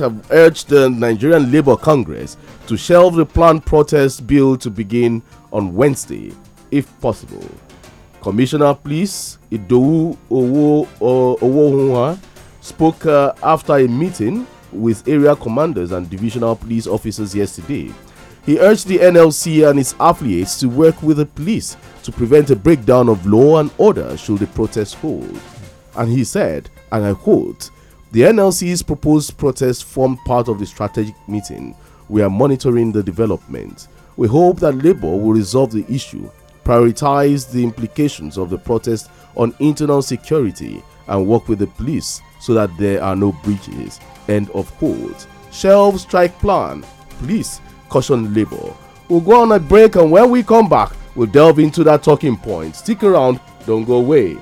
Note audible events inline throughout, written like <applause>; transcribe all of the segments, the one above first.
have urged the Nigerian Labour Congress to shelve the planned protest bill to begin on Wednesday, if possible. Commissioner Police Idowu Owohunwa spoke uh, after a meeting with area commanders and divisional police officers yesterday. He urged the NLC and its affiliates to work with the police to prevent a breakdown of law and order should the protest hold. And he said, and I quote, the NLC's proposed protest formed part of the strategic meeting. We are monitoring the development. We hope that Labour will resolve the issue, prioritize the implications of the protest on internal security, and work with the police so that there are no breaches. End of quote. Shelf strike plan. Police caution Labour. We'll go on a break, and when we come back, we'll delve into that talking point. Stick around, don't go away.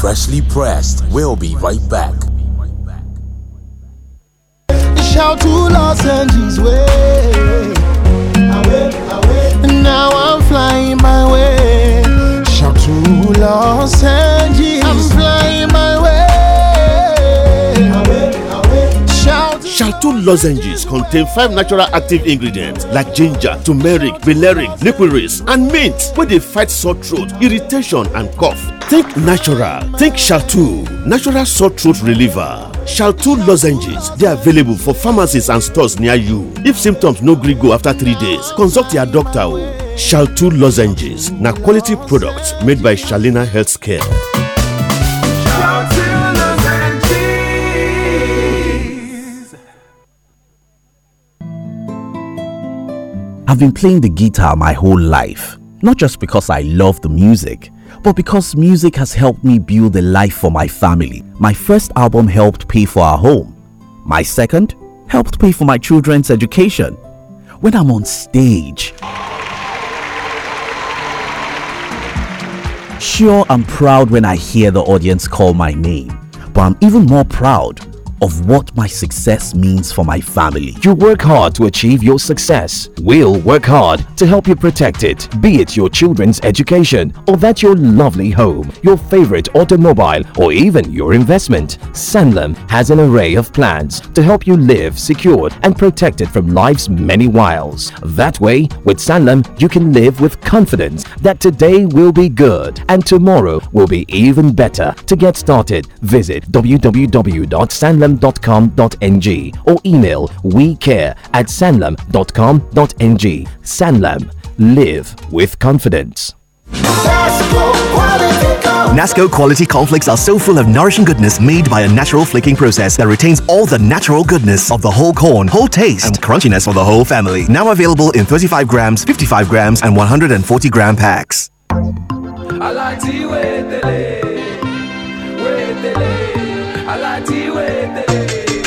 Freshly pressed. We'll be right back. Shout to Los Angeles way. Away, away. Now I'm flying my way. Shout to Los Angeles. I'm flying my Shalto lozenges contain five natural active ingredients like ginger, turmeric, valeric, licorice, and mint where they fight sore throat, irritation, and cough. Think natural, think Shalto, natural sore throat reliever. Shalto lozenges They are available for pharmacies and stores near you. If symptoms no gree go after three days, consult your doctor o. Shalto lozenges na quality product made by Shalina Healthcare. I've been playing the guitar my whole life, not just because I love the music, but because music has helped me build a life for my family. My first album helped pay for our home. My second helped pay for my children's education. When I'm on stage, sure, I'm proud when I hear the audience call my name, but I'm even more proud of what my success means for my family. You work hard to achieve your success. We'll work hard to help you protect it, be it your children's education or that your lovely home, your favorite automobile, or even your investment. Sanlam has an array of plans to help you live secured and protected from life's many wiles. That way, with Sanlam, you can live with confidence that today will be good and tomorrow will be even better. To get started, visit www.sanlam.com sanlam.com.ng or email we care at sanlam.com.ng. Sanlam. Live with confidence. Nasco quality cornflakes are so full of nourishing goodness made by a natural flaking process that retains all the natural goodness of the whole corn, whole taste, and crunchiness for the whole family. Now available in 35 grams, 55 grams, and 140 gram packs.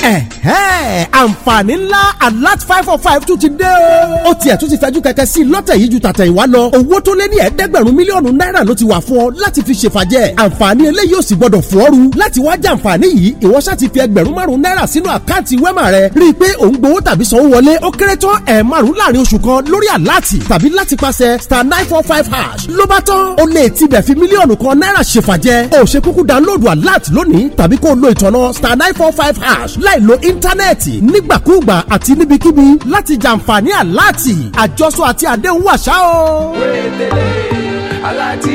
Hey, eh, eh. hey. bẹ́ẹ̀ àǹfààní ńlá alert five four five tún ti dé o. ó tiẹ̀ tún ti fẹ́jú kẹ̀kẹ́ sí i lọ́tẹ̀ yìí ju tàtẹ̀ ìwá lọ. owó tó lé ní ẹ̀ẹ́dẹ́gbẹ̀rún mílíọ̀nù náírà ló ti wà fún ọ láti fi ṣèfàjẹ́. àǹfààní eléyìí ò sì gbọdọ̀ fún ọ́rù. láti wá jẹ àǹfààní yìí ìwọ ṣáà fi ẹgbẹ̀rún márùn-ún náírà sínú àkáǹtì wẹ́mà rẹ. rí i pé ò ń gbowó tàbí sanwó wọlé ó kéré tán ẹ̀ márùn-ún láàrin oṣù kan lórí àláàtì tàbí láti pàṣẹ star nine four five hash ló bá tán. o lè tibẹ̀ fi mílíọ̀nù kan náírà ṣèfàjẹ́. o ṣe kúkú dáńlóòdù àláàtì lónìí tàbí kó o lo ìtọ̀nà star nine four five hash láì lo íńtánẹ́ẹ̀tì íńtánẹ́ẹ̀tì nígbàkúùgbà àti níbikíbi láti jàǹfààní àláàtì àjọsọ àti àdéhùn àṣà o. wéètèlè aláàtì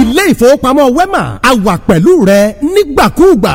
ilé ìfowópamọ́ wema a wà pẹ̀lú rẹ nígbàkúùgbà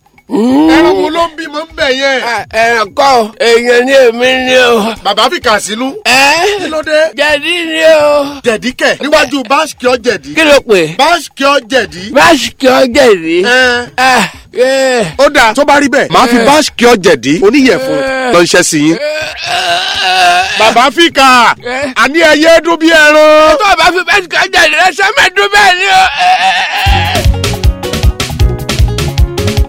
ẹranko ló ń bímọ ń bẹ yẹn. Ah, ẹ̀kọ́ èèyàn ni èmi ni o. bàbá fi kà sínú. ẹ kí ló dé. jẹ̀dí ni o. jẹ̀dí kẹ̀ níwájú báṣkìọ́ jẹ̀dí. kí ló pè. báṣkìọ́ jẹ̀dí. báṣkìọ́ jẹ̀dí. ó dáa tó bá rí bẹ́ẹ̀ máa fi báṣkìọ́ jẹ̀dí oníyẹ̀fun lọ iṣẹ́ sí yín. bàbá fi kà àní ẹyẹ dún bí ẹran. ẹ tó bá fi báṣkìọ́ jẹ̀dí rẹ sẹ́mẹ̀ dún bẹ́ẹ̀ ni o.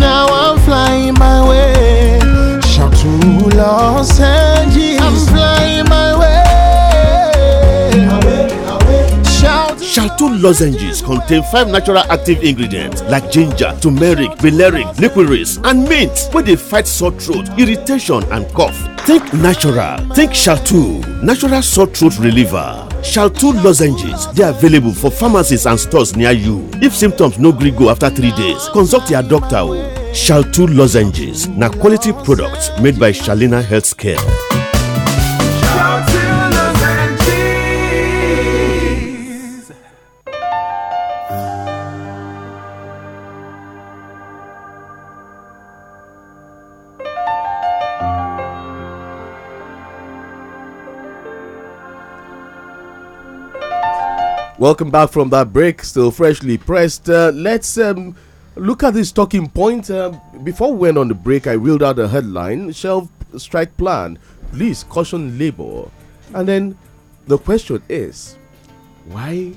now I'm flying my way. Shout to Los Angeles. two lozenges contain five natural active ingredients like ginger turmeric valeric licorice, and mint wey dey fight sore throat irritation and cough. think natural think shaltu natural sore throat reliever. Shaltu lozenges dey available for pharmacies and stores near you. If symptoms no gree go after three days, consult your doctor o. Shaltu lozenges na quality product made by Shalina Healthcare. Welcome back from that break, still freshly pressed. Uh, let's um, look at this talking point. Uh, before we went on the break, I reeled out a headline Shelf strike plan, police caution labor. And then the question is why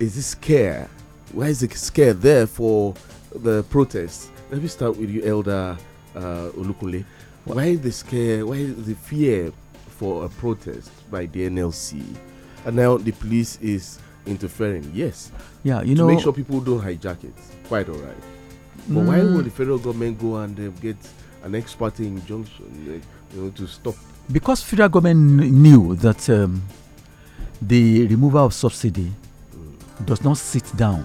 is this scare? Why is the scare there for the protests? Let me start with you, Elder uh, Why is the scare? Why is the fear for a protest by the NLC? And now the police is interfering. Yes. Yeah, you to know. Make sure people don't hijack it. Quite all right. But mm. why would the federal government go and uh, get an ex parte injunction uh, you know, to stop? Because federal government knew that um, the removal of subsidy mm. does not sit down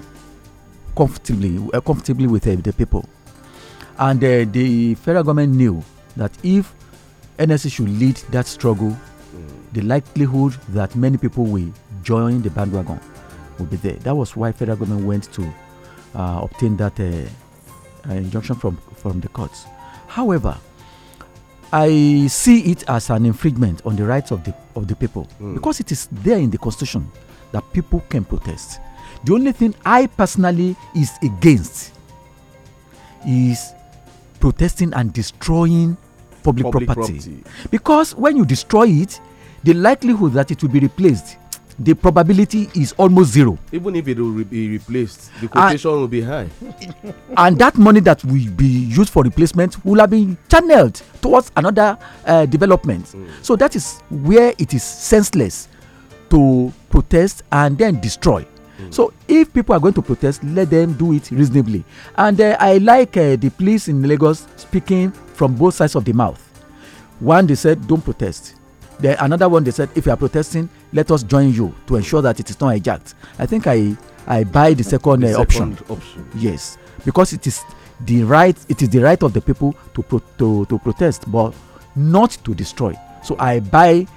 comfortably uh, comfortably with uh, the people, and uh, the federal government knew that if NSC should lead that struggle, mm. the likelihood that many people will join the bandwagon will be there. That was why federal government went to uh, obtain that uh, uh, injunction from, from the courts. However, I see it as an infringement on the rights of the, of the people mm. because it is there in the constitution that people can protest. The only thing I personally is against is protesting and destroying public, public property. property. Because when you destroy it, the likelihood that it will be replaced the probability is almost zero. even if it will be replaced the quotation and, will be high. <laughs> and that money that will be used for replacement will have been channeled towards another uh, development. Mm. so that is where it is senseless to protest and then destroy. Mm. So if people are going to protest, let them do it reasonably. And uh, I like uh, the police in Lagos speaking from both sides of the mouth. One, they said, don't protest. There another one they said, if you are protesting, let us join you to ensure that it is not hijacked. I think I I buy the second, the uh, second option. option. Yes, because it is the right it is the right of the people to pro to to protest, but not to destroy. So I buy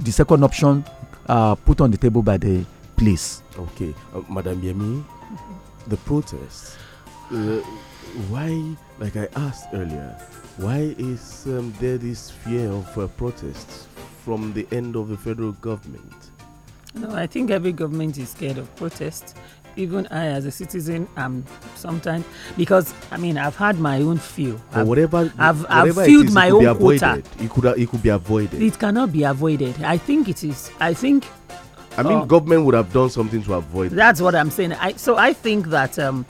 the second option uh, put on the table by the police. Okay, uh, Madam Yemi, the protest. Uh, why, like I asked earlier, why is um, there this fear of uh, protests from the end of the federal government? No, I think every government is scared of protest. Even I, as a citizen, am sometimes because I mean I've had my own feel. But whatever, I've, I've filled my own avoided. quota. It could it could be avoided. It cannot be avoided. I think it is. I think. I mean, uh, government would have done something to avoid. That's what I'm saying. I so I think that um,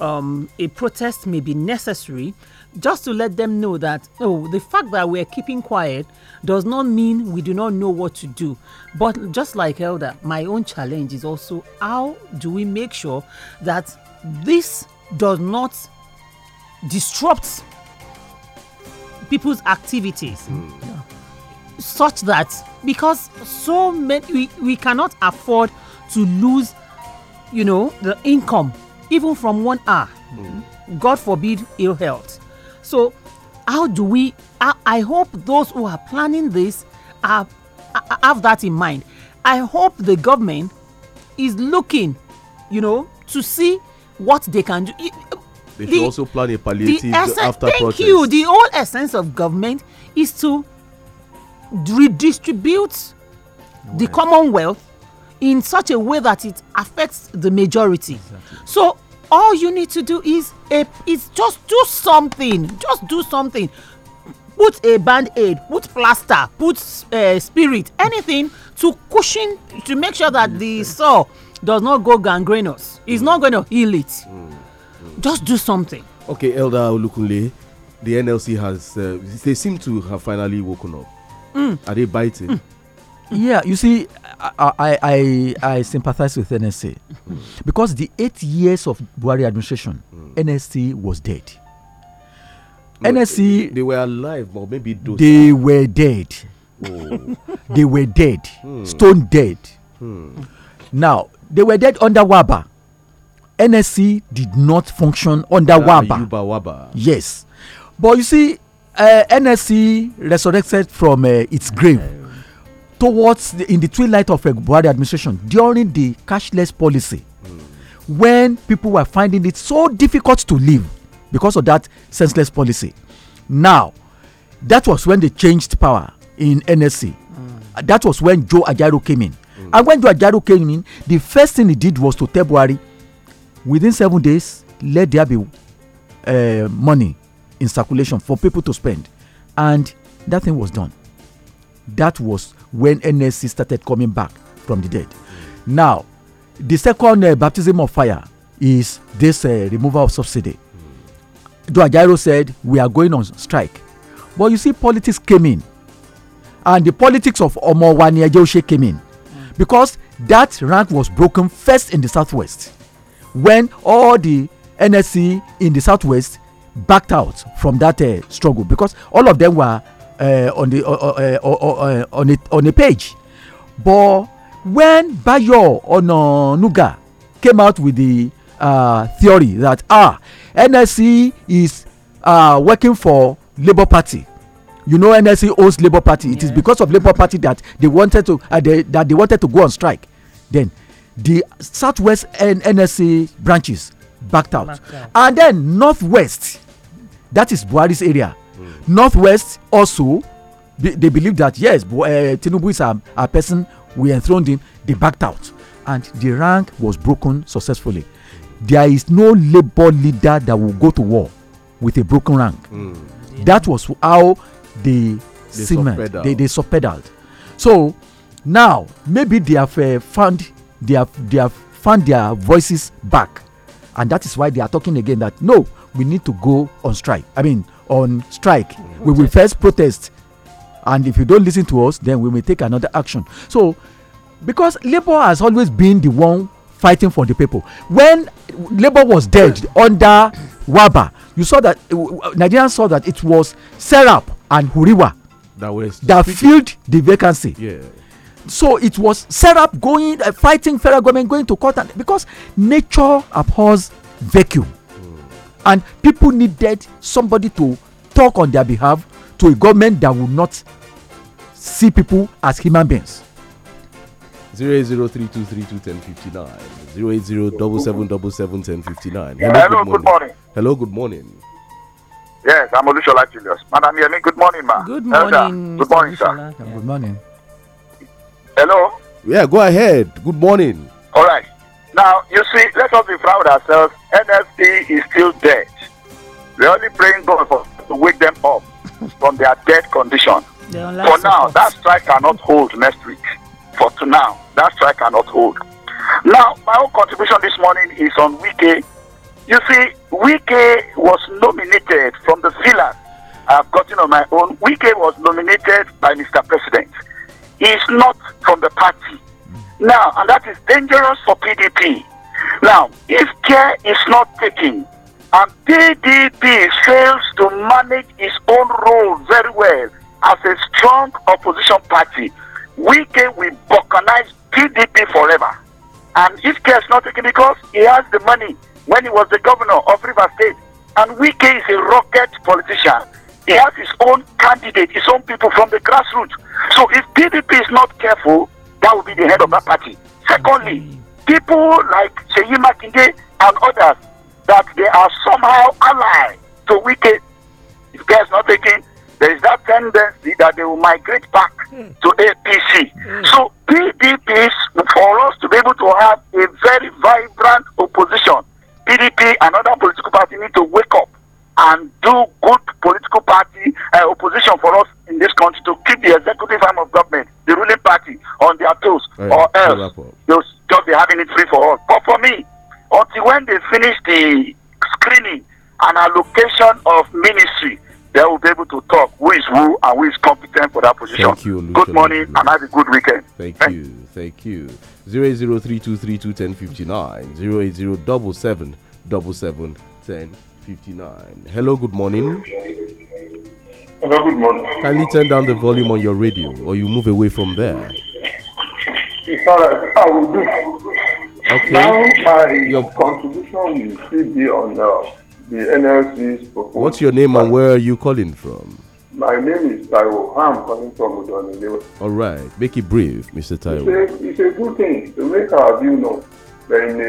um, a protest may be necessary just to let them know that oh the fact that we're keeping quiet does not mean we do not know what to do but just like elder my own challenge is also how do we make sure that this does not disrupt people's activities mm. such that because so many we, we cannot afford to lose you know the income even from one hour mm. god forbid ill health so, how do we? I, I hope those who are planning this are, have that in mind. I hope the government is looking, you know, to see what they can do. They the, should also plan a palliative essence, after thank process. you. The whole essence of government is to redistribute right. the commonwealth in such a way that it affects the majority. Exactly. So all you need to do is a is just do something just do something put a band-aid put plaster put uh, spirit anything to cushion to make sure that the sore does not go gangrenous it's mm. not going to heal it mm. Mm. just do something okay elder olukunle the nlc has uh, they seem to have finally woken up mm. are they biting mm. Yeah, you see, I I, I, I sympathize with NSC hmm. because the eight years of Buhari administration, mm. NSC was dead. No, NSC they, they were alive, but maybe those they are. were dead. Oh. they were dead, mm. stone dead. Hmm. Now they were dead under Waba. NSC did not function under uh, Waba. Waba. Yes, but you see, uh, NSC resurrected from uh, its grave towards the, in the twilight of the Buhari administration during the cashless policy mm. when people were finding it so difficult to live because of that senseless policy. Now, that was when they changed power in NSC. Mm. That was when Joe Ajaro came in. Mm. And when Joe Ajaro came in, the first thing he did was to tell Buhari, within seven days, let there be uh, money in circulation for people to spend. And that thing was done. That was when NSC started coming back from the dead. Now, the second uh, baptism of fire is this uh, removal of subsidy. Joe Ajairo said, We are going on strike. But you see, politics came in. And the politics of Omo Waniajeoshe came in. Because that rank was broken first in the southwest. When all the NSC in the southwest backed out from that uh, struggle because all of them were uh, on the uh, uh, on it on a page but when bayo onanuga came out with the uh, theory that ah nsc is uh, working for labour party you know nsc owns labour party yeah. it is because of labour party that they wanted to uh, they, that they wanted to go on strike then the southwest and nsc branches backed out. backed out and then northwest that is Buari's area Mm. Northwest also, be, they believe that yes, but, uh, eh, Tinubu is a, a person we enthroned him. They backed out, and the rank was broken successfully. There is no labor leader that will go to war with a broken rank. Mm. That was how the they cement they they subpedaled. So now maybe they have uh, found they have they have found their voices back, and that is why they are talking again that no, we need to go on strike. I mean, on strike. We will first protest. And if you don't listen to us, then we may take another action. So, because labor has always been the one fighting for the people. When labor was dead under Waba, you saw that uh, Nigerians saw that it was Serap and Huriwa that, was that filled the vacancy. Yeah so it was set up going uh, fighting federal government going to court and because nature abhors vacuum and people needed somebody to talk on their behalf to a government that would not see people as human beings. 08032321059 08077771059 hello, good morning. good morning hello good morning yes i'm olushola julius madam yemi good morning ma good morning Elder. good morning sir good morning hello yeah go ahead good morning now, you see, let us be proud of ourselves. NFP is still dead. We're only praying God for, to wake them up <laughs> from their dead condition. For now, that strike cannot hold next week. For to now, that strike cannot hold. Now, my own contribution this morning is on Wike. You see, Wike was nominated from the filler I've gotten on my own. Wike was nominated by Mr. President. He's not from the party. Now, and that is dangerous for PDP. Now, if care is not taken and PDP fails to manage its own role very well as a strong opposition party, we can we balkanize PDP forever. And if care is not taken because he has the money when he was the governor of River State, and Wike is a rocket politician. He has his own candidate, his own people from the grassroots. So if PDP is not careful, that will be the head of that party. Secondly, people like Seyi Makinde and others that they are somehow allied to Wike. If there's not taking, there is that tendency that they will migrate back mm. to APC. Mm. So PDP is for us to be able to have a very vibrant opposition. PDP and other political parties need to wake up and do good political party uh, opposition for us in this country to keep the executive arm of government, the ruling party, on their toes, right, or else they'll just be having it free for all. But for me, until when they finish the screening and allocation of ministry, they will be able to talk who is who and who is competent for that position. Thank you, good morning and have a good weekend. Thank, thank you, thank you. 08032321059, 080777710. 59. Hello, good morning. Hello, good morning. Kindly turn down the volume on your radio or you move away from there. It's all right. I will do. Okay. Now, my your... contribution will still be on uh, the NLC's proposal. What's your name and where are you calling from? My name is Taiwo. I'm calling from Udon All right. Make it brief, Mr. Taiwo. It's a, it's a good thing to make our view known in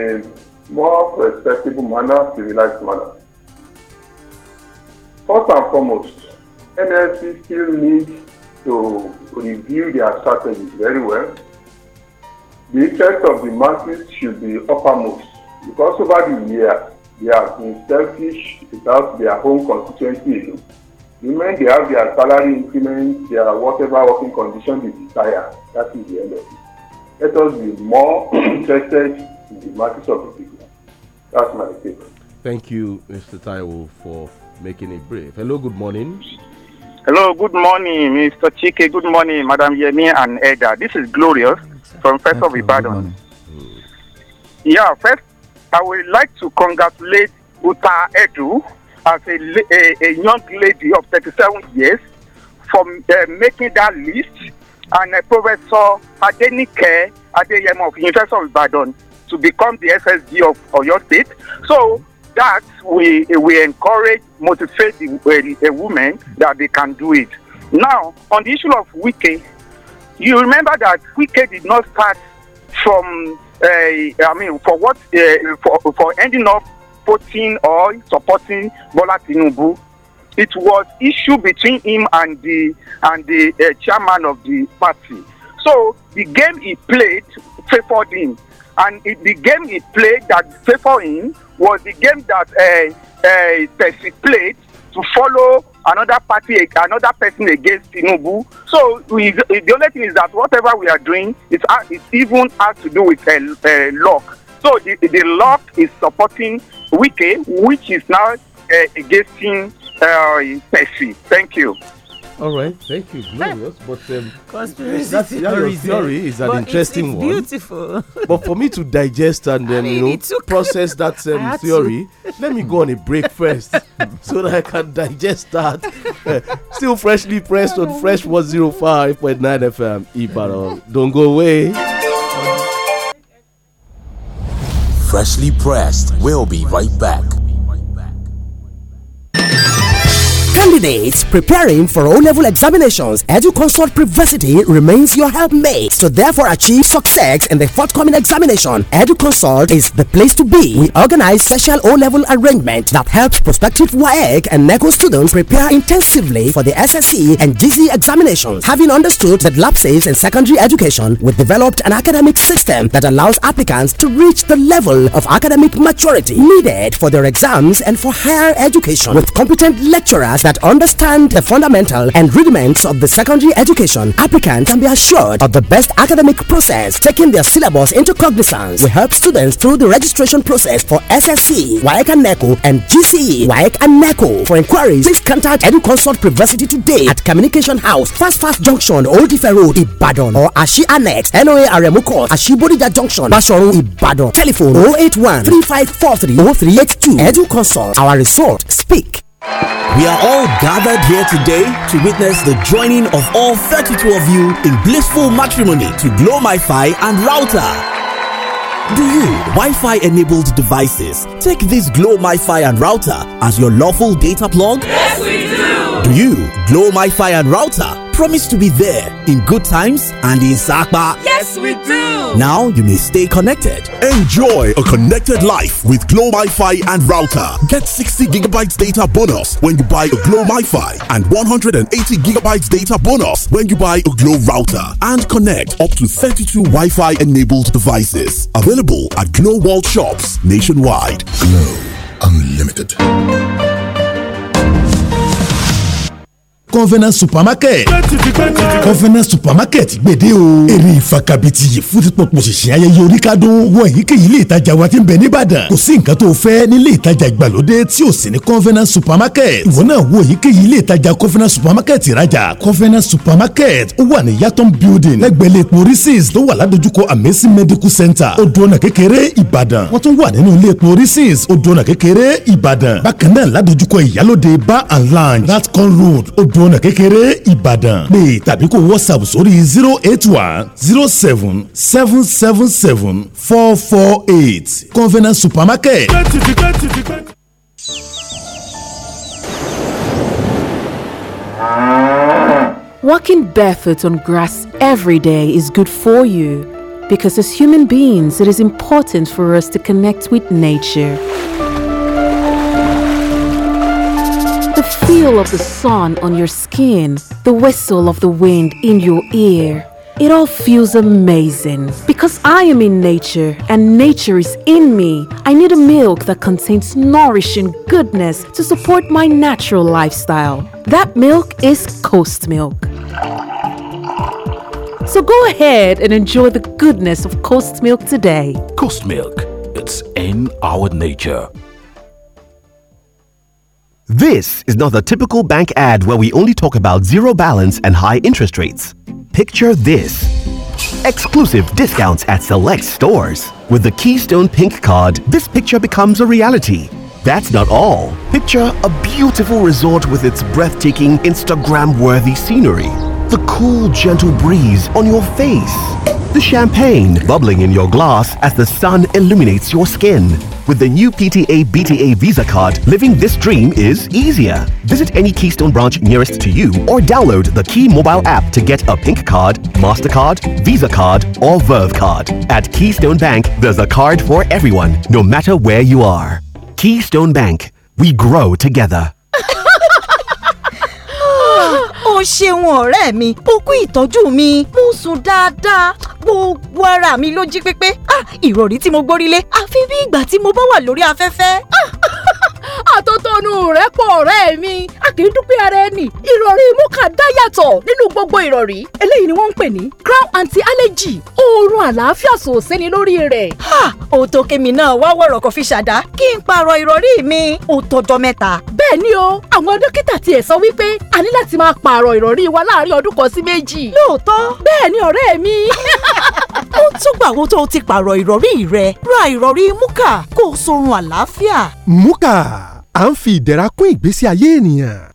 a more respectable manner, civilized manner. First and foremost, NLC still needs to review their strategies very well. The interest of the masses should be uppermost because over the years they have been selfish without their own constituency. The moment they have their salary increment, their whatever working condition they desire, that is the end of it. Let us be more <clears throat> interested in the masses of the people. That's my statement. Thank you, Mr. Taiwo, for making it brief. Hello, good morning. Hello, good morning, Mr. Chike. Good morning, Madam Yemi and Eda. This is Glorious from First of Ibadan. Yeah, first, I would like to congratulate Uta Edu as a, a, a young lady of 37 years for uh, making that list and uh, Professor Adenike Adeyemo of University of Ibadan to become the SSD of, of your State. So, that we we encourage, motivate the, a woman that they can do it. Now, on the issue of Wike, you remember that Wike did not start from uh, I mean for what uh, for for ending up putting or supporting Bola Tinubu. It was issue between him and the and the uh, chairman of the party. So the game he played favored him, and it, the game he played that favored him was the game that uh, uh, Percy played to follow another party, another person against Tinubu. So we, the only thing is that whatever we are doing, it even has to do with a, a lock. So the, the lock is supporting Wike, which is now uh, against uh, Percy. Thank you. All right, thank you. Glorious, but um, conspiracy theory, theory is an but interesting it's, it's one. Beautiful. <laughs> but for me to digest and then um, I mean, you know process <laughs> that um, theory, let me go on a break first <laughs> so that I can digest that. still freshly pressed on Fresh One Zero oh Five Point Nine FM. Ebaro, don't go away. Freshly pressed. We'll be right back. Candidates preparing for O-level examinations, EduConsult Privacy remains your helpmate to so therefore achieve success in the forthcoming examination. EduConsult is the place to be. We organize special O-level arrangement that helps prospective WAEC and NECO students prepare intensively for the SSE and GC examinations. Having understood that lapses in secondary education, we developed an academic system that allows applicants to reach the level of academic maturity needed for their exams and for higher education with competent lecturers that understand the fundamental and rudiments of the secondary education, applicants can be assured of the best academic process, taking their syllabus into cognizance. We help students through the registration process for SSC, WAEC and NECO, and GCE, WAEC and NECO. For inquiries, please contact EduConsult Privacy today at Communication House, Fast Fast Junction, Old Ife Road, Ibadan, or Ashi Annex, NOA Aremu Court, Ashibodija Junction, Bashoru, Ibadan. Telephone 081 3543 0382. EduConsult, our resort. Speak. We are all gathered here today to witness the joining of all 32 of you in blissful matrimony to Glow MiFi and Router. Do you, Wi-Fi enabled devices, take this Glow MiFi and Router as your lawful data plug? Yes, we do. Do you, Glow MiFi and Router? promise to be there in good times and in Zakba. Yes, we do. Now you may stay connected. Enjoy a connected life with Glow Wi-Fi and router. Get 60 gigabytes data bonus when you buy a Glow Wi-Fi and 180 gigabytes data bonus when you buy a Glow router and connect up to 32 Wi-Fi enabled devices. Available at Glow World shops nationwide. Glow Unlimited. convenience supermarket convenience supermarket gbèdé o èrè ìfakabiti yìí fún títpọ̀pọ̀ ṣìṣìn ayẹyẹ oríkádùn wọ èyíkéyìí ilé ìtajà wa ti ń bẹ nìbàdàn kò sí nǹkan tó fẹ́ nílé ìtajà ìgbàlódé tí ò sí ní convenience supermarket ìwọ náà wo èyíkéyìí ilé ìtajà convenience supermarket ìrajà convenience supermarket ó wà ní yatom building lẹ́gbẹ̀lẹ́ epo reeses tó wà ládojúkọ amesi medical center odòna kékeré ìbàdàn wọ́n tún wà nínú ilé epo reeses odòna kékeré ìbàdàn bákan náà ládojúkọ ìyálòde bar and lounge ratcon road odò ọ̀nà kékeré ìbàdàn pé tàbí kó whatsapp sórí zero eight one zero seven seven seven seven four four eight supermarket. Walking barefoot on grass every day is good for you because as human beings, it is important for us to connect with nature. feel of the sun on your skin, the whistle of the wind in your ear. It all feels amazing. Because I am in nature and nature is in me, I need a milk that contains nourishing goodness to support my natural lifestyle. That milk is Coast Milk. So go ahead and enjoy the goodness of Coast Milk today. Coast Milk, it's in our nature. This is not the typical bank ad where we only talk about zero balance and high interest rates. Picture this exclusive discounts at select stores. With the Keystone Pink card, this picture becomes a reality. That's not all. Picture a beautiful resort with its breathtaking Instagram worthy scenery the cool, gentle breeze on your face, the champagne bubbling in your glass as the sun illuminates your skin. With the new PTA BTA Visa card, living this dream is easier. Visit any Keystone branch nearest to you or download the Key mobile app to get a pink card, MasterCard, Visa card, or Verve card. At Keystone Bank, there's a card for everyone, no matter where you are. Keystone Bank, we grow together. <laughs> o ṣeun ọ̀rẹ́ mi o kú ìtọ́jú mi mo sùn dáadáa gbogbo ara mi ló jí pépé ah ìrọ̀rí tí mo gbórí lé àfi bí ìgbà tí mo bá wà lórí afẹ́fẹ́ ah àtótónu rẹ́pọ̀ ọ̀rẹ́ mi a kì í dúpẹ́ ara ẹni ìrọ̀rí múkà dá yàtọ̀ nínú gbogbo ìrọ̀rí eléyìí ni wọ́n ń pè ní crown anti allergy oorun àlàáfíà sòséni lórí rẹ̀. ha òótọ́ kemi náà wá wọ̀rọ̀ kò fi ṣàdá kí n pààrọ̀ ìrọ̀rí mi ó tọjọ́ mẹ́ta. bẹ́ẹ̀ ni o àwọn dókítà tiẹ̀ sọ wípé a ní láti máa pààrọ̀ ìrọ̀rí wa láàárín ọdún kan sí méjì. lóòótọ́ bẹ́ẹ̀ ni ọ̀rẹ́ mi. <laughs> ó tún gbà wo tó o ti pààrọ̀ ìrọ̀rí rẹ ra ìrọ̀rí múkà kó o sorun àlàáfíà. múkà à ń fi ìdẹ̀ra kún ìgbésí ayé ènìyàn.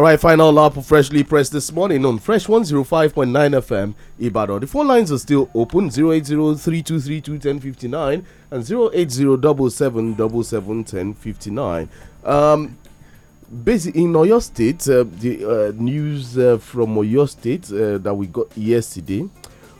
All right, final lap of Freshly Pressed this morning on Fresh 105.9 FM, Ibadan. The phone lines are still open 80 and 80 1059 Um, basically, in Oyo State, uh, the uh, news uh, from Oyo State uh, that we got yesterday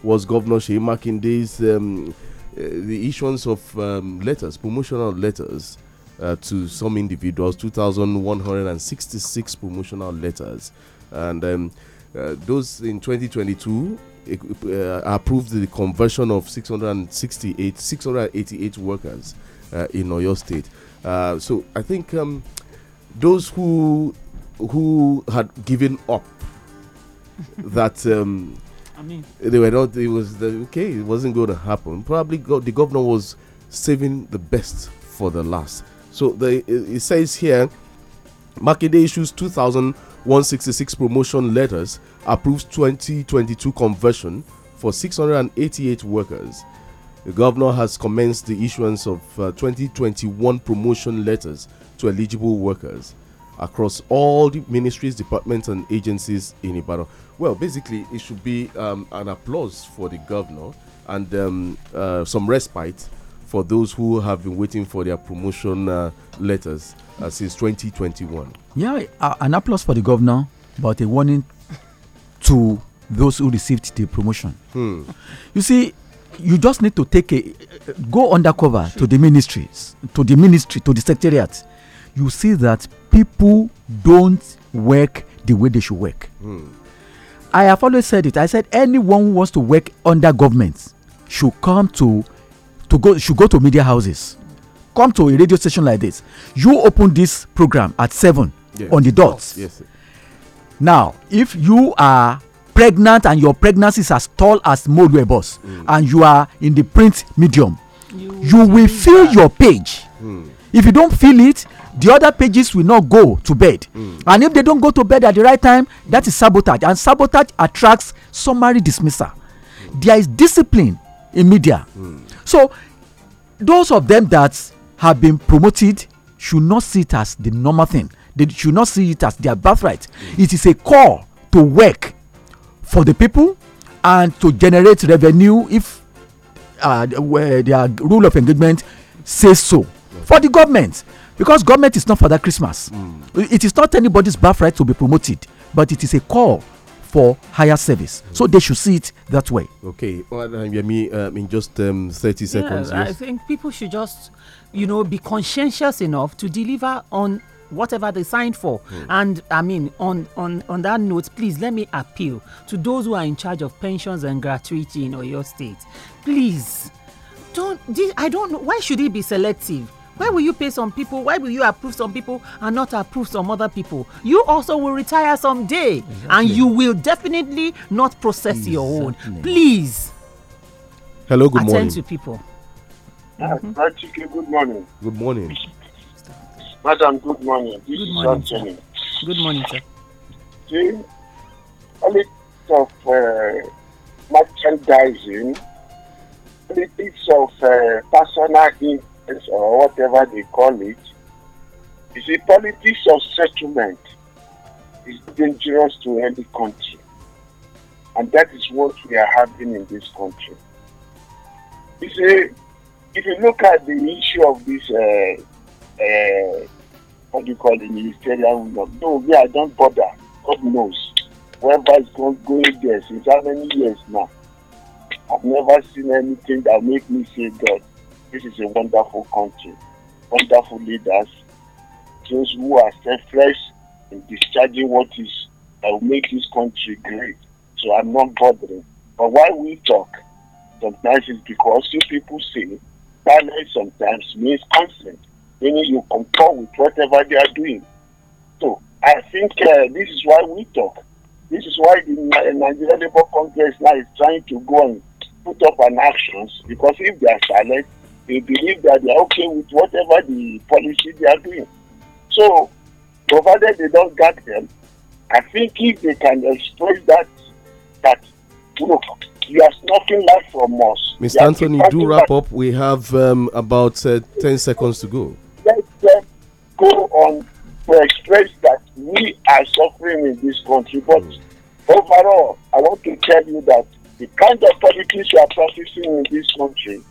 was Governor Shea Makinde's um, uh, the issuance of um, letters, promotional letters uh, to some individuals 2,166 promotional letters. And um, uh, those in 2022 uh, approved the conversion of 668, 688 workers uh, in Oyo State. Uh, so I think um, those who who had given up <laughs> that um, I mean they were not. It was the, okay. It wasn't going to happen. Probably go, the governor was saving the best for the last. So the, it says here Makinde issues 2,166 promotion letters, approves 2022 conversion for 688 workers. The governor has commenced the issuance of uh, 2021 promotion letters to eligible workers across all the ministries, departments, and agencies in Ibadan. Well, basically, it should be um, an applause for the governor and um, uh, some respite for those who have been waiting for their promotion uh, letters uh, since 2021. Yeah, uh, an applause for the governor, but a warning to those who received the promotion. Hmm. You see, you just need to take a go undercover to the ministries, to the ministry, to the secretariat. You see that people don't work the way they should work. Hmm. I have always said it. I said anyone who wants to work under government should come to to go should go to media houses come to a radio station like this you open this program at seven yes. on the dot yes, now if you are pregnant and your pregnancy is as tall as moldway bus mm. and you are in the print medium you, you will fill that. your page mm. if you don't fill it the other pages will not go to bed mm. and if they don't go to bed at the right time that is sabotage and sabotage attracts summary dismissal there is discipline in media mm. So, those of them that have been promoted should not see it as the normal thing. They should not see it as their birthright. Mm. It is a call to work for the people and to generate revenue if uh, their rule of engagement says so. For the government, because government is not for that Christmas. Mm. It is not anybody's birthright to be promoted, but it is a call for higher service. So they should see it that way. Okay, well, uh, Yemi, um, in just um, 30 seconds. Yeah, yes. I think people should just, you know, be conscientious enough to deliver on whatever they signed for. Hmm. And I mean, on, on, on that note, please let me appeal to those who are in charge of pensions and gratuity in Oyo State. Please, don't, I don't know, why should it be selective? why will you pay some people why will you approve some people and not approve some other people you also will retire someday exactly. and you will definitely not process exactly. your own please hello good attend morning attend to people mm -hmm. good morning good morning madam good morning this good morning, is morning good morning sir See, a bit of uh, merchandising a bit of uh, personal or whatever they call it is a politics of settlement is dangerous to any country. And that is what we are having in this country. You see, if you look at the issue of this, uh, uh, what do you call the ministerial union? No, me, I don't bother. God knows. whoever is going, going there since how many years now? I've never seen anything that make me say God. This is a wonderful country, wonderful leaders, those who are selfless in discharging what is that will make this country great. So I'm not bothering. But why we talk sometimes is because you people say silence sometimes means consent, meaning you comport with whatever they are doing. So I think uh, this is why we talk. This is why the Nigerian Labour Congress now is trying to go and put up an actions because if they are silent, they believe that they are okay with whatever the policy they are doing. So, provided they don't get them, I think if they can express that, that look, you are snuffing life from us. Mr. Anthony, do wrap that. up. We have um, about uh, 10 seconds to go. Let them go on to express that we are suffering in this country. But mm. overall, I want to tell you that the kind of politics you are practicing in this country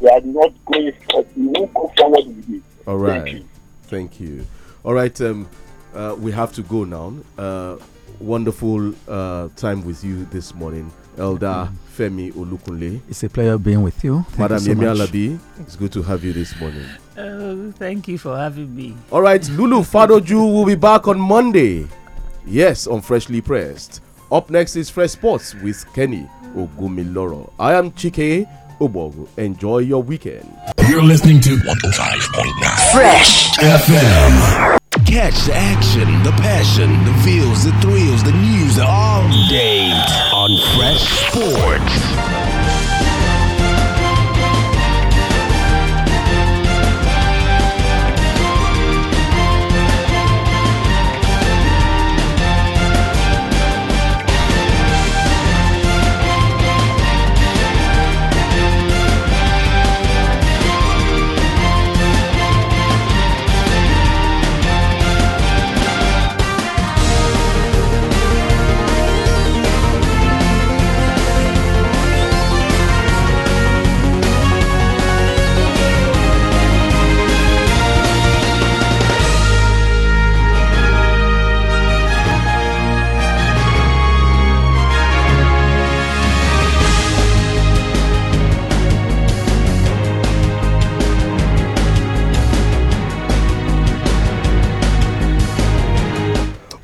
we are not going forward. We will go forward with it. All right. Thank you. Thank you. All right. Um, uh, we have to go now. Uh, wonderful uh, time with you this morning, Elder mm-hmm. Femi Olukunle. It's a pleasure being with you. Thank Madam you so Yemi Alabi, it's good to have you this morning. Um, thank you for having me. All right, Lulu Fadoju will be back on Monday. Yes, on Freshly Pressed. Up next is Fresh Sports with Kenny Ogumiloro. I am Chike Obogu. Enjoy your weekend. You're listening to 105.9 Fresh FM. Catch the action, the passion, the feels, the thrills, the news all day on Fresh Sports.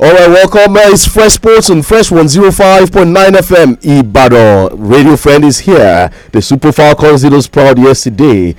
All right, welcome. Uh, it's Fresh Sports on Fresh 105.9 FM. Ibado radio friend is here. The Super Falcons did us proud yesterday.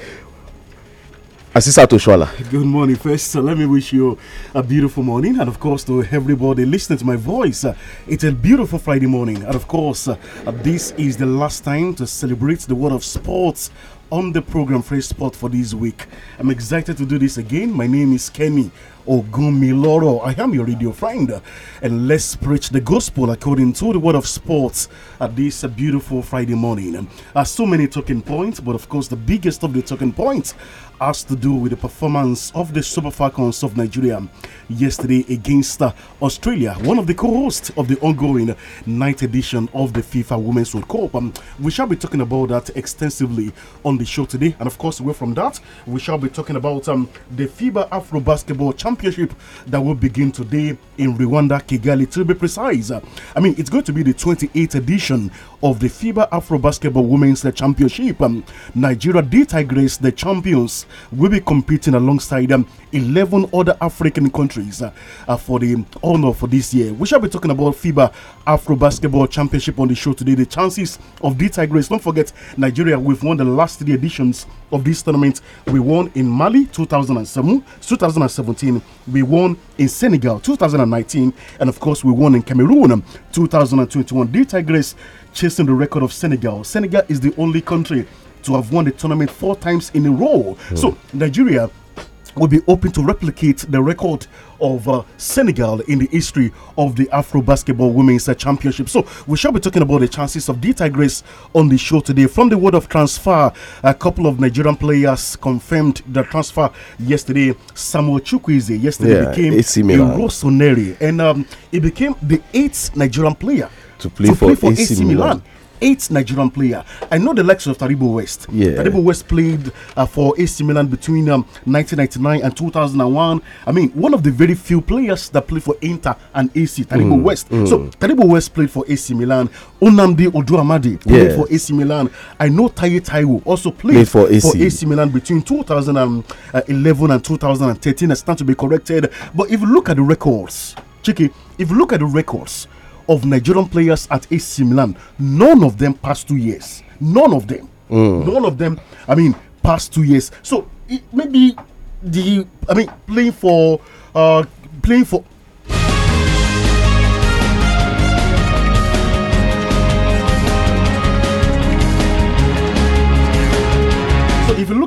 Asisato Shola. Good morning. First, let me wish you a beautiful morning, and of course, to everybody listening to my voice, uh, it's a beautiful Friday morning. And of course, uh, this is the last time to celebrate the world of sports on the program Fresh Sport for this week. I'm excited to do this again. My name is Kenny Loro! I am your radio friend, and let's preach the gospel according to the word of sports at this beautiful Friday morning. Uh, so many talking points, but of course, the biggest of the talking points has to do with the performance of the Super Falcons of Nigeria yesterday against uh, Australia, one of the co hosts of the ongoing ninth edition of the FIFA Women's World Cup. Um, we shall be talking about that extensively on the show today, and of course, away from that, we shall be talking about um, the FIBA Afro Basketball Championship. Championship that will begin today in Rwanda, Kigali, to be precise. I mean, it's going to be the 28th edition of the FIBA Afro Basketball Women's Championship. Um, Nigeria, the the champions, will be competing alongside um, 11 other African countries uh, uh, for the honor for this year. We shall be talking about FIBA Afro Basketball Championship on the show today. The chances of the don't forget, Nigeria, we've won the last three editions of this tournament. We won in Mali 2007, 2017, we won in Senegal 2019, and of course, we won in Cameroon 2021. The Tigers chasing the record of Senegal. Senegal is the only country to have won the tournament four times in a row. Mm. So, Nigeria will be hoping to replicate the record of uh, Senegal in the history of the Afro Basketball Women's uh, Championship. So we shall be talking about the chances of the Tigres on the show today. From the world of transfer, a couple of Nigerian players confirmed the transfer yesterday. Samuel Chukwueze yesterday yeah, became a Rossoneri, and um, he became the eighth Nigerian player to play, to for, play for AC, AC Milan. Milan eight Nigerian player. I know the likes of Taribo West. Yeah. Taribo West played uh, for AC Milan between um, 1999 and 2001. I mean, one of the very few players that played for Inter and AC, Taribo mm. West. Mm. So Taribo West played for AC Milan. Onamdi Oduamadi played yeah. for AC Milan. I know Taye Taiwo also played, played for, AC. for, AC. Milan between 2011 and 2013. I stand to be corrected. But if you look at the records, Chiki, if you look at the records, of Nigerian players at AC Milan, none of them past two years. None of them. Mm. None of them. I mean, past two years. So it, maybe the I mean playing for uh, playing for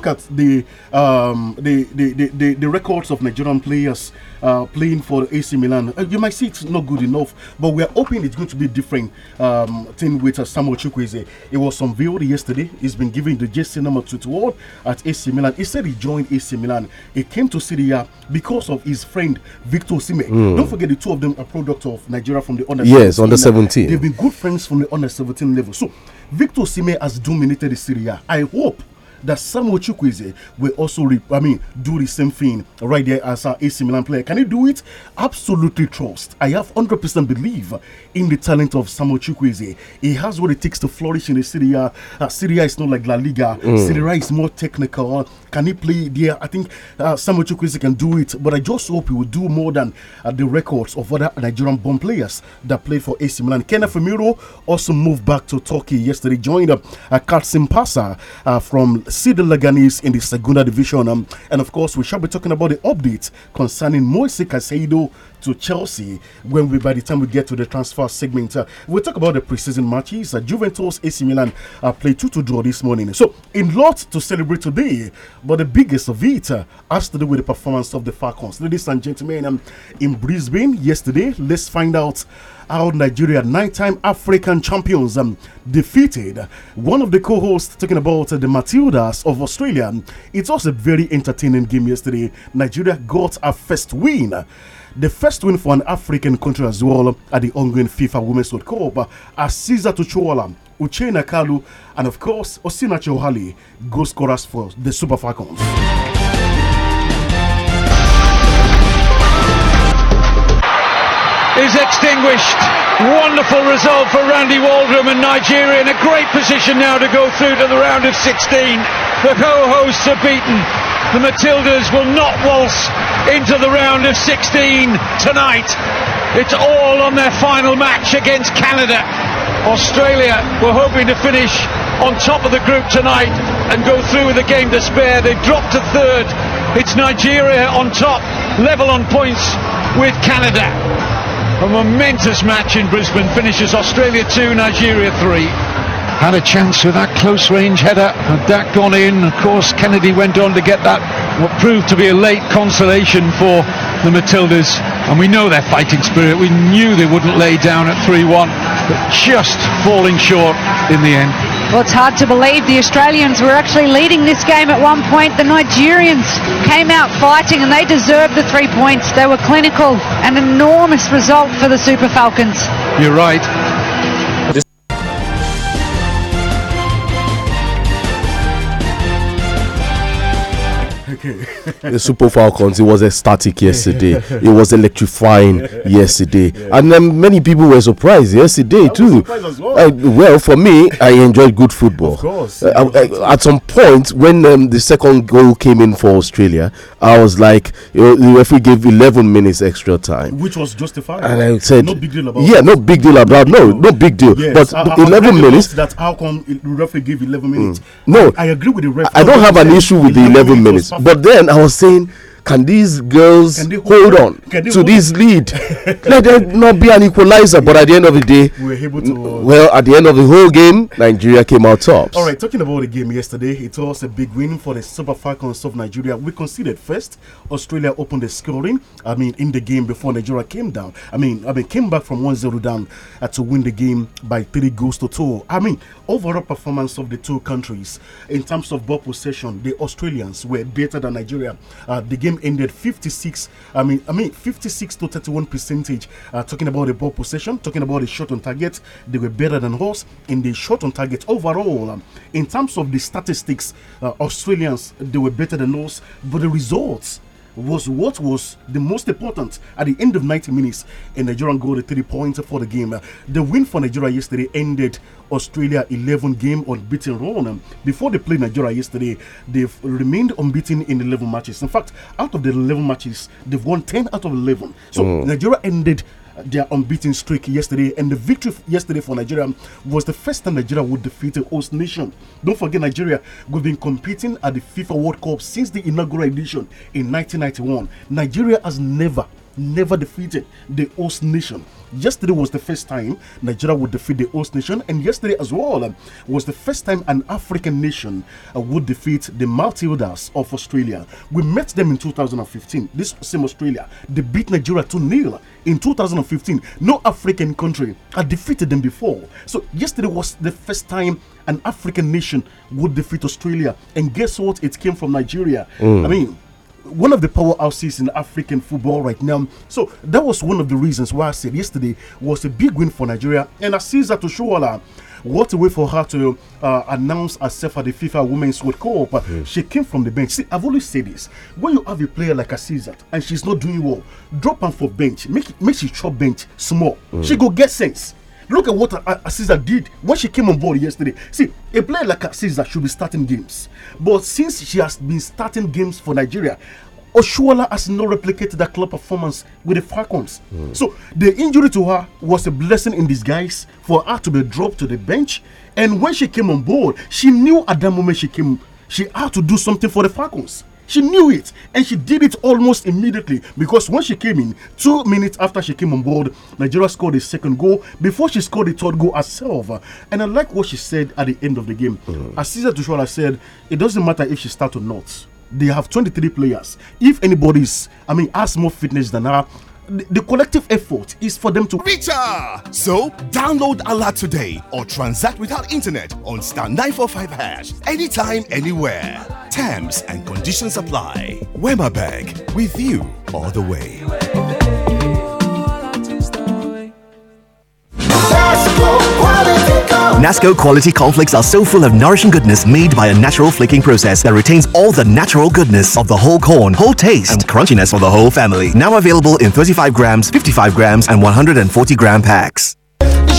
look at the, um, the, the, the, the, records of Nigerian players uh, playing for AC Milan, uh, you might see it's not good enough, but we're hoping it's going to be different um, thing with uh, Samuel Chukwueze. It was unveiled yesterday. He's been given the jersey number 2 all at AC Milan. He said he joined AC Milan. He came to Syria because of his friend Victor Sime. Mm. Don't forget the two of them are product of Nigeria from the under Yes, under 17. They've been good friends from the under 17 level. So Victor Sime has dominated Syria. I hope that Samuel Chukwueze will also, I mean, do the same thing right there as our AC Milan player. Can he do it? Absolutely trust. I have 100% belief in the talent of Samuel Chukwueze. He has what it takes to flourish in the Serie A. Uh, Serie A is not like La Liga. Mm. Serie A is more technical. Can he play there? I think uh, Samuel Chukwueze can do it, but I just hope he will do more than uh, the records of other Nigerian born players that played for AC Milan. Kenneth Femiro also moved back to Turkey yesterday, joined uh, Karsim Pasa uh, from See the Leganes in the Segunda Division. Um, and of course, we shall be talking about the updates concerning Moise Caicedo to Chelsea when we, by the time we get to the transfer segment, uh, we'll talk about the preseason matches. Uh, Juventus AC Milan uh, played 2 to draw this morning. So, in lot to celebrate today, but the biggest of it uh, has to do with the performance of the Falcons. Ladies and gentlemen, um, in Brisbane yesterday, let's find out how Nigeria, nine-time African champions, um, defeated one of the co-hosts talking about uh, the Matildas of Australia. It was a very entertaining game yesterday. Nigeria got a first win the first win for an African country as well at the ongoing FIFA Women's World Cup as Cesar Tuchuola, Uche Nakalu, and of course Osina Chohali, goal scorers for the Super Falcons. Is extinguished. Wonderful result for Randy Waldrum and Nigeria in a great position now to go through to the round of 16. The co-hosts are beaten the Matildas will not waltz into the round of 16 tonight. It's all on their final match against Canada. Australia were hoping to finish on top of the group tonight and go through with a game to spare. They've dropped to third. It's Nigeria on top, level on points with Canada. A momentous match in Brisbane finishes Australia 2, Nigeria 3 had a chance with that close range header. Had that gone in, of course, Kennedy went on to get that what proved to be a late consolation for the Matildas. And we know their fighting spirit. We knew they wouldn't lay down at 3 1, but just falling short in the end. Well, it's hard to believe the Australians were actually leading this game at one point. The Nigerians came out fighting and they deserved the three points. They were clinical. An enormous result for the Super Falcons. You're right. the Super Falcons, it was ecstatic yesterday. it was electrifying yesterday. And many people were surprised yesterday, I too. Surprised well. I, uh, well. for me, I enjoyed good football. Of course. Uh, I, uh, at some point, when um, the second goal came in for Australia, I was like, the referee gave 11 minutes extra time. Which was justified. And I said, No big deal about Yeah, no big deal about No, no big deal. Yes, but I, 11 minutes. That's how come the referee gave 11 mm. minutes. Mm. No. I, agree with the referee. I don't have an issue with 11 the 11 minutes. But then I was saying can these girls can hold, hold, on to hold? this lead? <laughs> Let there not be an equalizer. But at the end of the day, we were able to. Uh, well, at the end of the whole game, Nigeria came out tops. All right, talking about the game yesterday, it was a big win for the Super Falcons of Nigeria. We conceded first. Australia opened the scoring. I mean, in the game before Nigeria came down. I mean, I mean, came back from 1-0 down uh, to win the game by three goals to two. I mean, overall performance of the two countries in terms of ball possession, the Australians were better than Nigeria. Uh, the game game ended 56. I mean, I mean 56 to 31 percentage. Uh, talking about the ball possession, talking about the shot on target, they were better than us in the shot on target overall. Um, in terms of the statistics, uh, Australians they were better than us, but the results was what was the most important at the end of 90 minutes. And Nigeria got the three points for the game. The win for Nigeria yesterday ended Australia 11 game unbeaten run. Before they played Nigeria yesterday, they've remained unbeaten in 11 matches. In fact, out of the 11 matches, they've won 10 out of 11. So mm. Nigeria ended their unbeaten streak yesterday. And the victory yesterday for Nigeria was the first time Nigeria would defeat a host nation. Don't forget, Nigeria, we've been competing at the FIFA World Cup since the inaugural edition in 1991. Nigeria has never never defeated the host nation. Yesterday was the first time Nigeria would defeat the host nation, and yesterday as well um, was the first time an African nation uh, would defeat the Matildas of Australia. We met them in 2015, this same Australia. They beat Nigeria 2 0 in 2015. No African country had defeated them before. So, yesterday was the first time an African nation would defeat Australia, and guess what? It came from Nigeria. Mm. I mean, one of the powerhouses in African football right now. So that was one of the reasons why I said yesterday was a big win for Nigeria. And I see that Oshoala what a way for her to uh, announce herself at the FIFA Women's World Cup. She came from the bench. See, I've always said this: when you have a player like Asizat and she's not doing well, drop her for bench, make make she chop bench small. Mm. She go get sense. Look at what Aziza did when she came on board yesterday. See, a player like Aziza should be starting games. But since she has been starting games for Nigeria, Oshuala has not replicated that club performance with the Falcons. Mm. So the injury to her was a blessing in disguise for her to be dropped to the bench. And when she came on board, she knew at that moment she came, she had to do something for the Falcons. She knew it and she did it almost immediately because when she came in, two minutes after she came on board, Nigeria scored a second goal before she scored the third goal herself. And I like what she said at the end of the game. Mm. As Cesar Tushola said, it doesn't matter if she start or not. They have 23 players. If anybody's, I mean, has more fitness than her, the collective effort is for them to reach So download Alert today or transact without internet on star 945 hash anytime, anywhere. Terms and conditions apply. Wemabag with you all the way. Nasco quality cornflakes are so full of nourishing goodness made by a natural flaking process that retains all the natural goodness of the whole corn, whole taste, and crunchiness for the whole family. Now available in 35 grams, 55 grams, and 140 gram packs.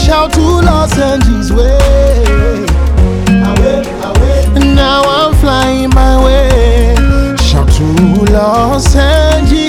Shout to Los Angeles way. Away, away. Now I'm flying my way. Shout to Los Angeles.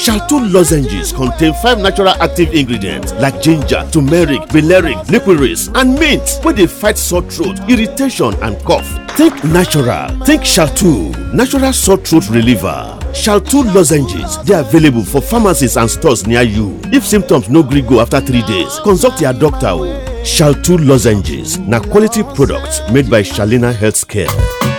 Shalto lozenges contain five natural active ingredients like ginger, turmeric, valeric, licorice, and mint where they fight sore throat, irritation, and cough. Think natural, think Shalto, natural sore throat reliever. Shalto lozenges They are available for pharmacies and stores near you. If symptoms no gree go after three days, consult your doctor o. Oh. Shalto lozenges na quality product made by Shalina Healthcare.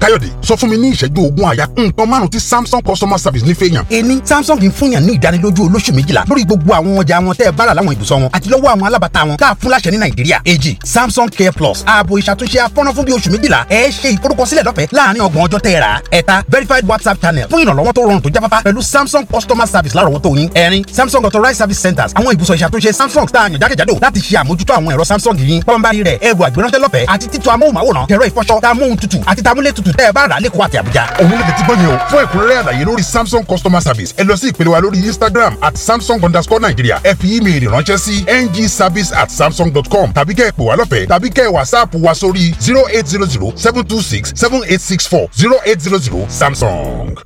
káyọ̀dé sọ fún mi ní ìṣẹ́jú ogún àyà nǹkan márùn tí samsung customer service ní fẹ́yàn. èmi samsung ń fún yàn ní ìdánilójú olóṣù méjìlá lórí gbogbo àwọn ọjà wọn tẹ́ ẹ bára láwọn ibùsọ̀ wọn àti lọ́wọ́ àwọn alábàtà wọn tá a fún láṣẹ ní nàìjíríà. èjì samsung care plus ààbò ìṣàtúnṣe afọ́nrán fún bí oṣù méjìlá ẹ ṣe ìforúkọsílẹ̀ lọ́fẹ̀ẹ́ láàárín ọgbọ̀n ọjọ́ tẹ́ ẹ ẹ̀ta verified whatsapp channel fún ìrànlọ́wọ́ tó rọrùn tó jáfáfá pẹ̀lú samsung customer service lárọ̀wọ́tó yín. ẹ̀rin samsung authorized service centers àwọn ibùsọ̀ ìṣàtúnṣe samsung tá a yàn jákèjádò láti ṣe àmójútó àwọn ẹ̀rọ samsung yìí. pọ́nbárì rẹ̀ ẹ̀rù àgbéránṣẹ́ lọ́fẹ̀ẹ́ àti títú amóhùnmáwòrán tẹ̀rọ ìfọṣọ tamóhun tutù àti tamúlé tutù lókè. ẹ bá rà lẹ́kọ̀ọ́ àti Àbújá. òun lè tètè gbọ́n yẹn o fún ẹ̀kúnrẹ́rẹ́ àlàyé lórí Samsung customer service ẹ lọ sí ìpele wa lórí Instagram at samsung underscore nigeria ẹ fi ímeèlì ránṣẹ́ sí ngservice at samsung dot com tàbí kẹ́ ẹ pè wá lọ́fẹ̀ẹ́ tàbí kẹ́ ẹ wàsáàpù wa sórí zero eight zero zero seven two six seven eight six four zero eight zero zero Samsung.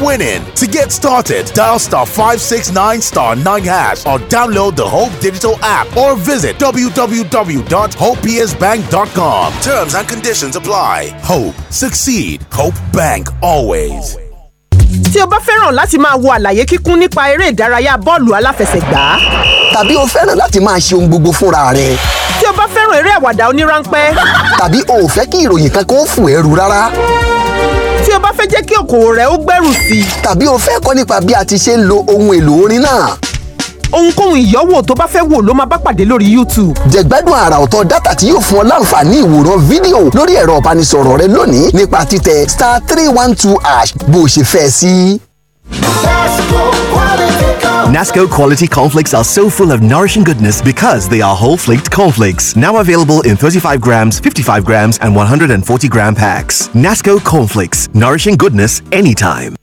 winning. To get started, dial star 569 star 9 hash or download the Hope Digital app or visit www.hopeisbank.com. Terms and conditions apply. Hope, succeed. Hope Bank always. tí o bá fẹ́ràn láti máa wo àlàyé kíkún nípa eré ìdárayá bọ́ọ̀lù aláfẹsẹ̀gbá. tàbí o fẹ́ràn láti máa ṣe ohun gbogbo fúnra rẹ. tí o bá fẹ́ràn eré àwàdà oníránpẹ́. tàbí o ò fẹ́ kí ìròyìn kankan ó fò ẹrù rárá tí o bá fẹ́ jẹ́ kí okòwò rẹ ó gbèrú sí i. tàbí o fẹ́ kọ́ nípa bí a ti ṣe ń lo ohun èlò orin náà ohunkóhun ìyọ́wò tó bá fẹ́ wò ló máa bá pàdé lórí YouTube. jẹ̀gbádùn àrà ọ̀tọ̀ dátà tí yóò fún ọ láǹfààní ìwòran fídíò lórí ẹ̀rọ ìbánisọ̀rọ̀ rẹ lónìí nípa títẹ̀ star three one two ash bó o ṣe fẹ́ sí. Nasco quality cornflakes are so full of nourishing goodness because they are whole flaked cornflakes. Now available in 35 grams, 55 grams, and 140 gram packs. Nasco cornflakes, nourishing goodness anytime.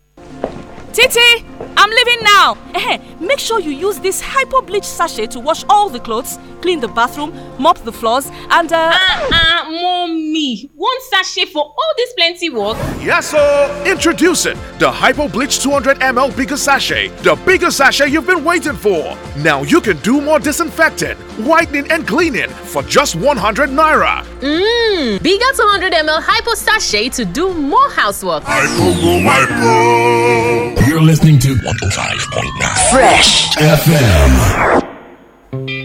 Titi, I'm leaving now. <laughs> Make sure you use this hypo bleach sachet to wash all the clothes, clean the bathroom, mop the floors, and uh. Uh uh, mommy! One sachet for all this plenty work? Yes, sir! Introducing the Hypo Bleach 200ml Bigger Sachet, the bigger sachet you've been waiting for. Now you can do more disinfecting, whitening, and cleaning for just 100 naira. Mmm, bigger 200ml Hypo Sachet to do more housework. Hypo, go, hypo. You're listening to 105.9. Fresh FM.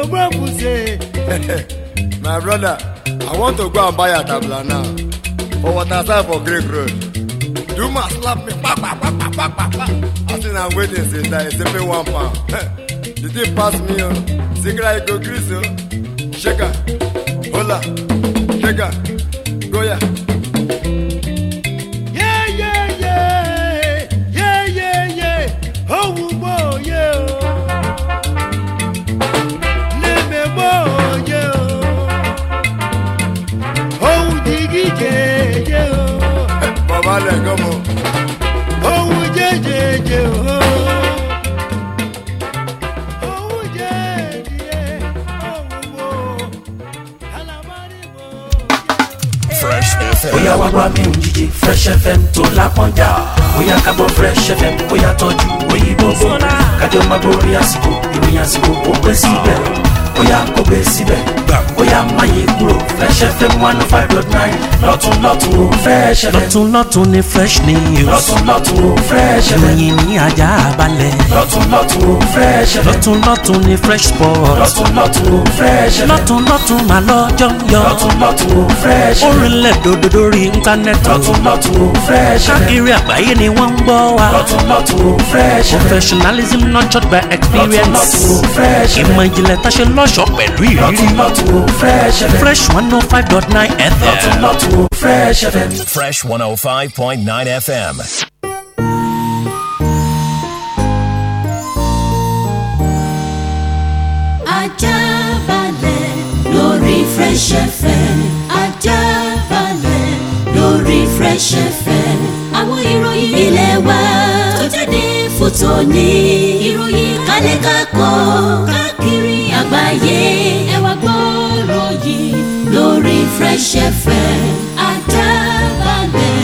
<laughs> My brother, I want to go and buy a tabla now. For what I sell for Greek Road. Duma slap me. Pa, pa, pa, pa, pa, pa, pa. I think I'm waiting since I sent me one pound. <laughs> Did they pass me on? Oh? Cigarette go grease, oh. Shake her. Hola. Shake her. Go yeah. wá mi ò jíjẹ Fresh FM tó lápọ́njà bóyá kábọ̀ Fresh FM bóyá tọ́jú òyìnbó bò kájọ máa borí àsìkò ìròyìn àsìkò ó gbé síbẹ̀ bóyá kò gbé síbẹ̀ bóyá máyì kúrò Fresh FM one oh five dot nine lọ́tún lọ́tún ni Fresh FM. lọ́tún lọ́tún ni fresh news. lọ́tún lọ́tún ó Fresh FM. ìròyìn ní ajá balẹ̀. lọ́tún lọ́tún ó Fresh FM. lọ́tún lọ́tún ni fresh sport. lọ́tún lọ́tún ó Fresh FM. lọ́tún lọ́tún mà lọ́jọ́ yọ. lọ́tún lọ́tún ó Fresh FM. orinlẹ̀ dòdò lórí íńtánẹ́ẹ̀tì. lọ́tún lọ́tún ó Fresh FM. káàkiri àgbáyé ni wọ́n ń gbọ́ wa. lọ́tún lọ́tún ó Fresh FM. professionalism nurtured by experience. lọ́tún lọ́tún ó Fresh FM. ìmọ̀ ìjìnlẹ̀ tá a ṣe lọ́ṣọ̀ọ́ pẹ̀lú ìrírí. lọ́tún lọ́tún ó Fresh FM. Fresh 105.9 FM. Lọ́tún Fresh FM. Fresh 105.9 FM. ajá balẹ̀ lórí Fresh FM. ajá balẹ̀ lórí Fresh FM. àwọn ìròyìn ilé wa tó jáde fún tòní. ìròyìn àgbáyé Fresh FM Àdábàgbẹ̀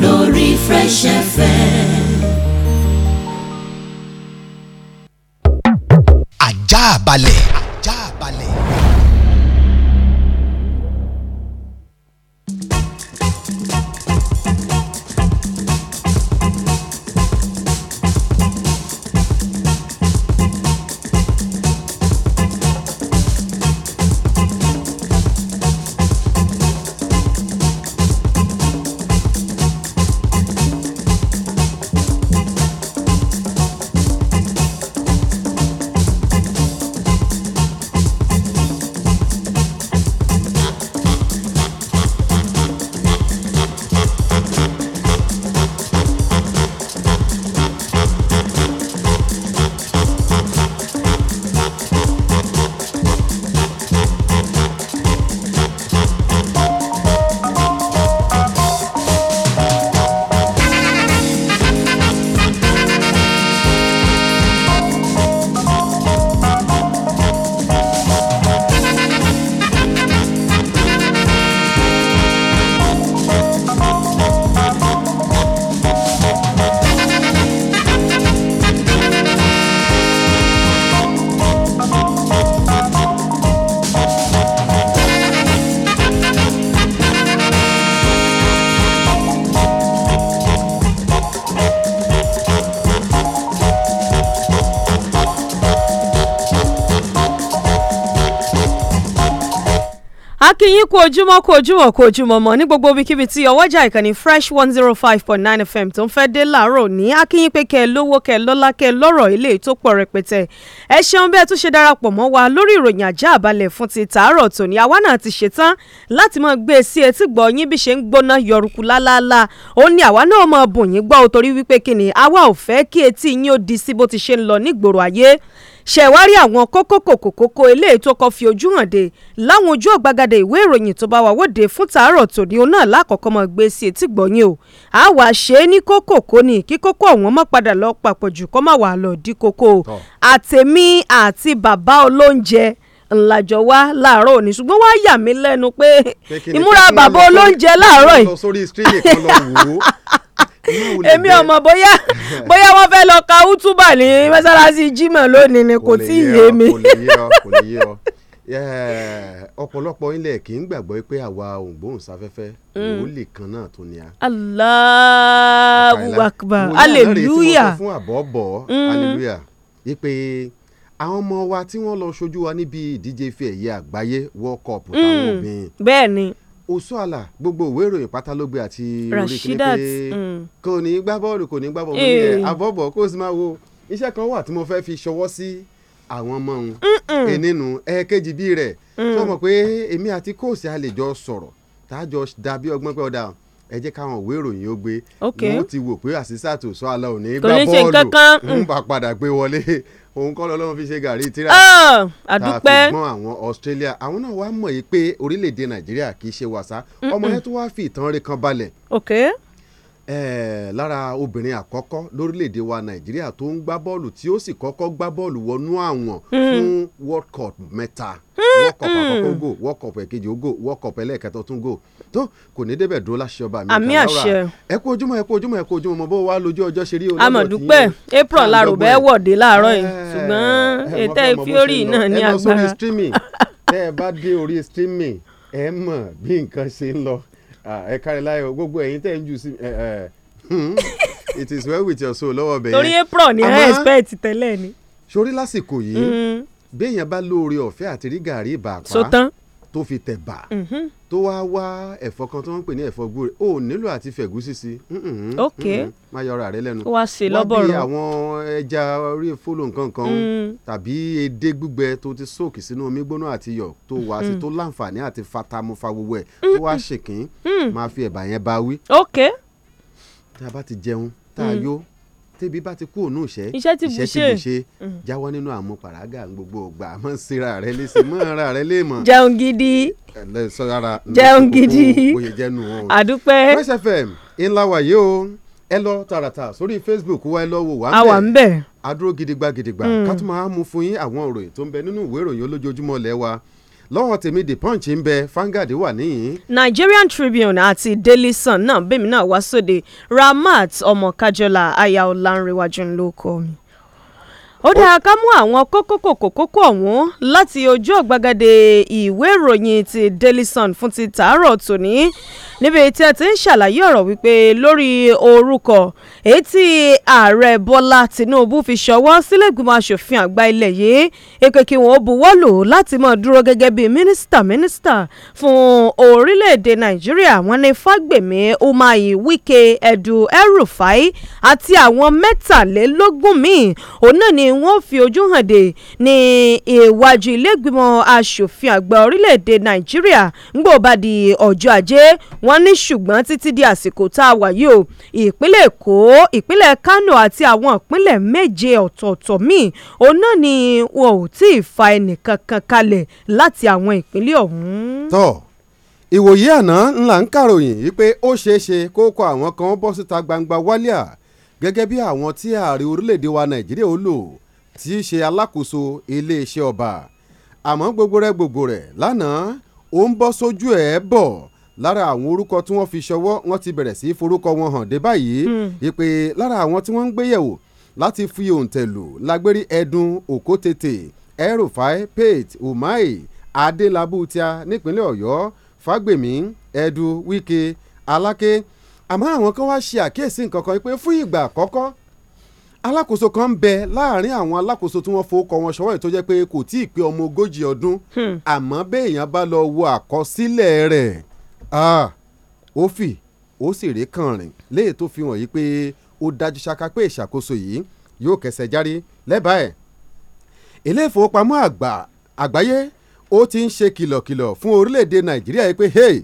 lórí Fresh FM. àjà balẹ̀. આ kí yín kú ojúmọ́ kú ojúmọ́ kú ojúmọ́ mọ́ ní gbogbo ibikíbi tí ọwọ́jà ìkànnì fresh one zero five point nine fm tó ń fẹ́ dé láàárọ̀ ní akínyìn pé kẹ́ ẹ lówó kẹ́ ẹ lọ́lá kẹ́ ẹ lọ́rọ̀ ilé tó pọ̀ rẹpẹtẹ ẹ ṣeun bẹ́ẹ̀ tó ṣe darapọ̀ mọ́ wa lórí ìròyìn àjá àbálẹ̀ fún ti tàárọ̀ tòní àwa náà ti ṣetán láti máa gbé e sí etí gbọ́ yín bí ṣe ń gbóná yọrùkú lálálá ó ní àwa náà máa bùn yín gbọ́ torí wípé kíni àwa ò fẹ́ kí etí yín ó ṣẹ̀wárí àwọn kókó kòkòkókó eléyìí tó kọ́ fi ojú hàn dé láwọn ojú ọ̀gbagadè ìw ìwé ìròyìn tó bá wà wòde fún tàárọ̀ tòní òun náà lákọ̀ọ́kọ́ mọ̀ gbé sí etí gbọ̀nyìn o a wàá ṣe é ní kókò kó ní kí kókó ọ̀hún mọ́ padà lọ papọ̀ jù kó má wàá lọ dí kókó o àtèmi àti bàbá olóúnjẹ ńlájọ wá láàárọ̀ òní ṣùgbọ́n wá yà mí lẹ́nu pé ìmúra bàbá olóúnjẹ láàárọ̀ yìí <laughs> èmi ọmọ bóyá <laughs> bóyá wọn fẹ́ lọ ka útúbà ní mọ́sálásí Jímọ̀ lónìí ni kò tí ì yé mi. kò lè yé ọ kò lè yé ọ <laughs> ọ̀pọ̀lọpọ̀ ilẹ̀ kì í gbàgbọ́ pé àwa ògbóhùnsáfẹ́fẹ́ mm. wòlíì kan náà tó ní a. Allahu Akbar hallelujah fún àbọ̀bọ̀ mm. hallelujah wípé àwọn ọmọ wa tí wọ́n lọ ṣojú wa níbi ìdíje ife ẹ̀yẹ àgbáyé world cup mm. táwọn obìnrin. bẹ́ẹ̀ ni Osuala gbogbo ìwé ìròyìn pátá ló àti orí kìíní kò ní gbá bọ́ọ̀lù kò ní gbá bọ́ọ̀lù ní ẹ̀ eh. àbọ̀bọ̀ kó o sì máa wo iṣẹ́ kan wà tí mo fẹ́ fi ṣọwọ́ sí àwọn ọmọ òun ẹnìnú ẹ̀ẹ́kejì bíi rẹ̀ sọmọ mm. pé èmi àti kóòsì a lè jọ sọ̀rọ̀ tájọ dàbí ọgbọ́n pé ọ̀dà ẹ jẹ́ káwọn òwe ìròyìn ó gbé wọn ti wò pé àṣìṣàtò sọ àlọ́ òní gbá bọ́ọ̀lù ń bá padà gbé wọlé <laughs> òun kọ́ lọ́lọ́run fi ṣe gàrí tíra àdúpẹ́ ah, tá a fi gbọ́n àwọn Australia àwọn náà wàá mọ̀ yìí pé orílẹ̀-èdè Nàìjíríà kì í ṣe wàsá ọmọ yẹn tó wàá fi ìtàn rẹ̀ kan balẹ̀ lára obìnrin àkọ́kọ́ lórílẹ̀‐èdè wa nàìjíríà tó ń gbá bọ́ọ̀lù tí ó sì kọ́kọ́ gbá bọ́ọ̀lù wọnú àwọn hmm. fún world cup mẹ́ta hmm, hmm. world cup àkọ́kọ́ go world cup ẹ̀kejì ó go world cup ẹlẹ́ẹ̀kẹta tún go tó kò ní débẹ̀ dúró láṣẹ ọba mi àmì àṣẹ ẹ kú ojúmọ́ ẹ kú ojúmọ́ ẹ kú ojúmọ́ mo bó wa lójú ọjọ́ ṣe rí olóòtú yìí amọ̀dúpẹ́ april larubẹ wọ̀de láàárọ̀ yìí ṣùgbọ́n ètè fiori náà ní agbára ẹ bá dé orí streaming ẹ mọ̀ bí nǹkan ṣe ń lọ Ah, ẹ kárí láyọ̀ gbogbo ẹ̀yin tẹ́ ń jù sí hmm, it is well with your soul lọ́wọ́ bẹ̀yẹn. torí apron ni ẹ expect tẹ́lẹ̀ ni. sori lásìkò yìí hmm. béèyàn bá lóore ọ̀fẹ́ àti rí gàrí ìbàpá. sọtán. So tó fi tẹ̀bà mm-hmm. tó wá wá ẹ̀fọ́ kan tó ń pè ní ẹ̀fọ́ gbúre ó nílò àti fẹ̀gúsí sí ok má yọra rẹ lẹ́nu wá sí lọ́bọ̀rọ̀ wá bí àwọn ẹja orí fólo nǹkan kan mm. tàbí edé gbígbẹ tó ti soak sínú omi gbóná àti iyọ̀ tó wá sí mm. tó láǹfààní àti fatamufa gbogbo ẹ̀ tó wá ṣèkín mm. máa fi ẹ̀bà yẹn bá wí. ok tá a bá ti jẹun tá a yó tẹ́bi bá ti kú òun ìṣẹ́ iṣẹ́ ti bù ṣe mm-hmm. jáwọ́ nínú àmupàràgà gbogbo ògbà àmọ́ síra rẹ léṣe mọ́ ara rẹ léèmọ̀. jẹun gidi jẹun gidi àdúpẹ́. Fresh FM ńlá wàyé o ẹ lọ tààràtà sórí Facebook wa ẹ lọ wò wá ń bẹ̀. àwa ń bẹ̀. adúró gidigba gidigba mm. ká tún máa mú fún yín àwọn òròyìn tó ń bẹ nínú ìwé ìròyìn olójoojúmọ́ lẹ́wàá lọ́wọ́ tèmi the punch ń bẹ fangad wà níyìn. Nigerian Tribune àti Daily Sun náà bẹ́ẹ̀ mi náà wá sóde Ramat ọmọ Kájọlá aya Ọlánrewájú ńlọkọ mi ó dáa ká mú àwọn kókó kòkó kókó ọ̀hún láti ojú ọ̀gbagadè ìwé ìròyìn ti Daily Sun fún ti tàárọ̀ tòní níbi tí a ti ń ṣàlàyé ọ̀rọ̀ wípé lórí orúkọ èyí tí ààrẹ Bọ́lá Tinubu fi ṣọwọ́ sílẹ̀gbìmọ̀ asòfin àgbà ilẹ̀ yìí èpè kí wọ́n buwọ́ lò láti máa dúró gẹ́gẹ́ bí mínísítà mínísítà fún orílẹ̀-èdè Nàìjíríà wọ́n ní Fágbèmí Umahi Wike Edu erufai rufai àti àwọn mẹ́tàlélógún míì òun náà ni wọn fi ojú hàn dé ní iwájú iléègbìmọ̀ asòfin àgbà orílẹ̀-èdè nàìjíríà ńgbò bá di ọjọ́ ajé wọn ní ṣùgbọ́n títí di àsìkò tá a wà yìí o ìpínlẹ̀ èkó ìpínlẹ̀ kánò àti àwọn ìpínlẹ̀ méje ọ̀tọ̀ọ̀tọ̀ míì òun náà ni wọn ò tí ì fa ẹnìkankan kalẹ̀ láti àwọn ìpínlẹ̀ ọ̀hún. tọ́ ìwòye àná ńlá ń kàròyìn wípé ó ṣeé ṣe kó kọ àwọn kan bọ́ síta gbangba wálíà gẹ́gẹ́ bí àwọn tí ààrẹ orílẹ̀-èdè wa nàìjíríà ó lò tí í ṣe alákòóso iléeṣẹ́ ọba àmọ́ gbogbo rẹ̀ gbogbo rẹ̀ lánàá ó ń bọ́ sójú ẹ̀ bọ̀ lára àwọn orúkọ tí wọ́n fi ṣọwọ́ wọ́n ti bẹ̀rẹ̀ sí í forúkọ wọn hàn dé báyìí hmm. ìpè lára àwọn tí wọ́n ń gbéyẹ̀wò láti fi òǹtẹ̀ lágbérí ẹ̀dùn òkótètè ẹ̀rùfáì pate umai adélábùtíà nípínlẹ̀ ọ̀yọ́ fágbèmí ẹ̀dùn wike aláké àmọ́ àwọn kan wá ṣe àkíyèsí nǹkan kan pé fún ìgbà àkọ́kọ́ alákòóso kan ń bẹ láàrin àwọn alákòóso tí wọ́n fowókọ wọn ṣọwọ́ ẹ̀ tó jẹ́ pé kò tí ì pé ọmọ ogójì ọdún hmm. àmọ́ béèyàn bá lọ wo àkọsílẹ̀ rẹ̀ ah, ó fì ó sì rí kànrìn léè tó fi hàn yìí pé ó dájú ṣáká pé ìṣàkóso yìí yóò kẹsẹ̀ járí lẹ́bàá ẹ̀ ilé ìfowópamọ́ àgbáyé ó ti ń ṣe kìlọ̀kìlọ̀ fún orílẹ̀-èdè nàìjíríà yìí pé hey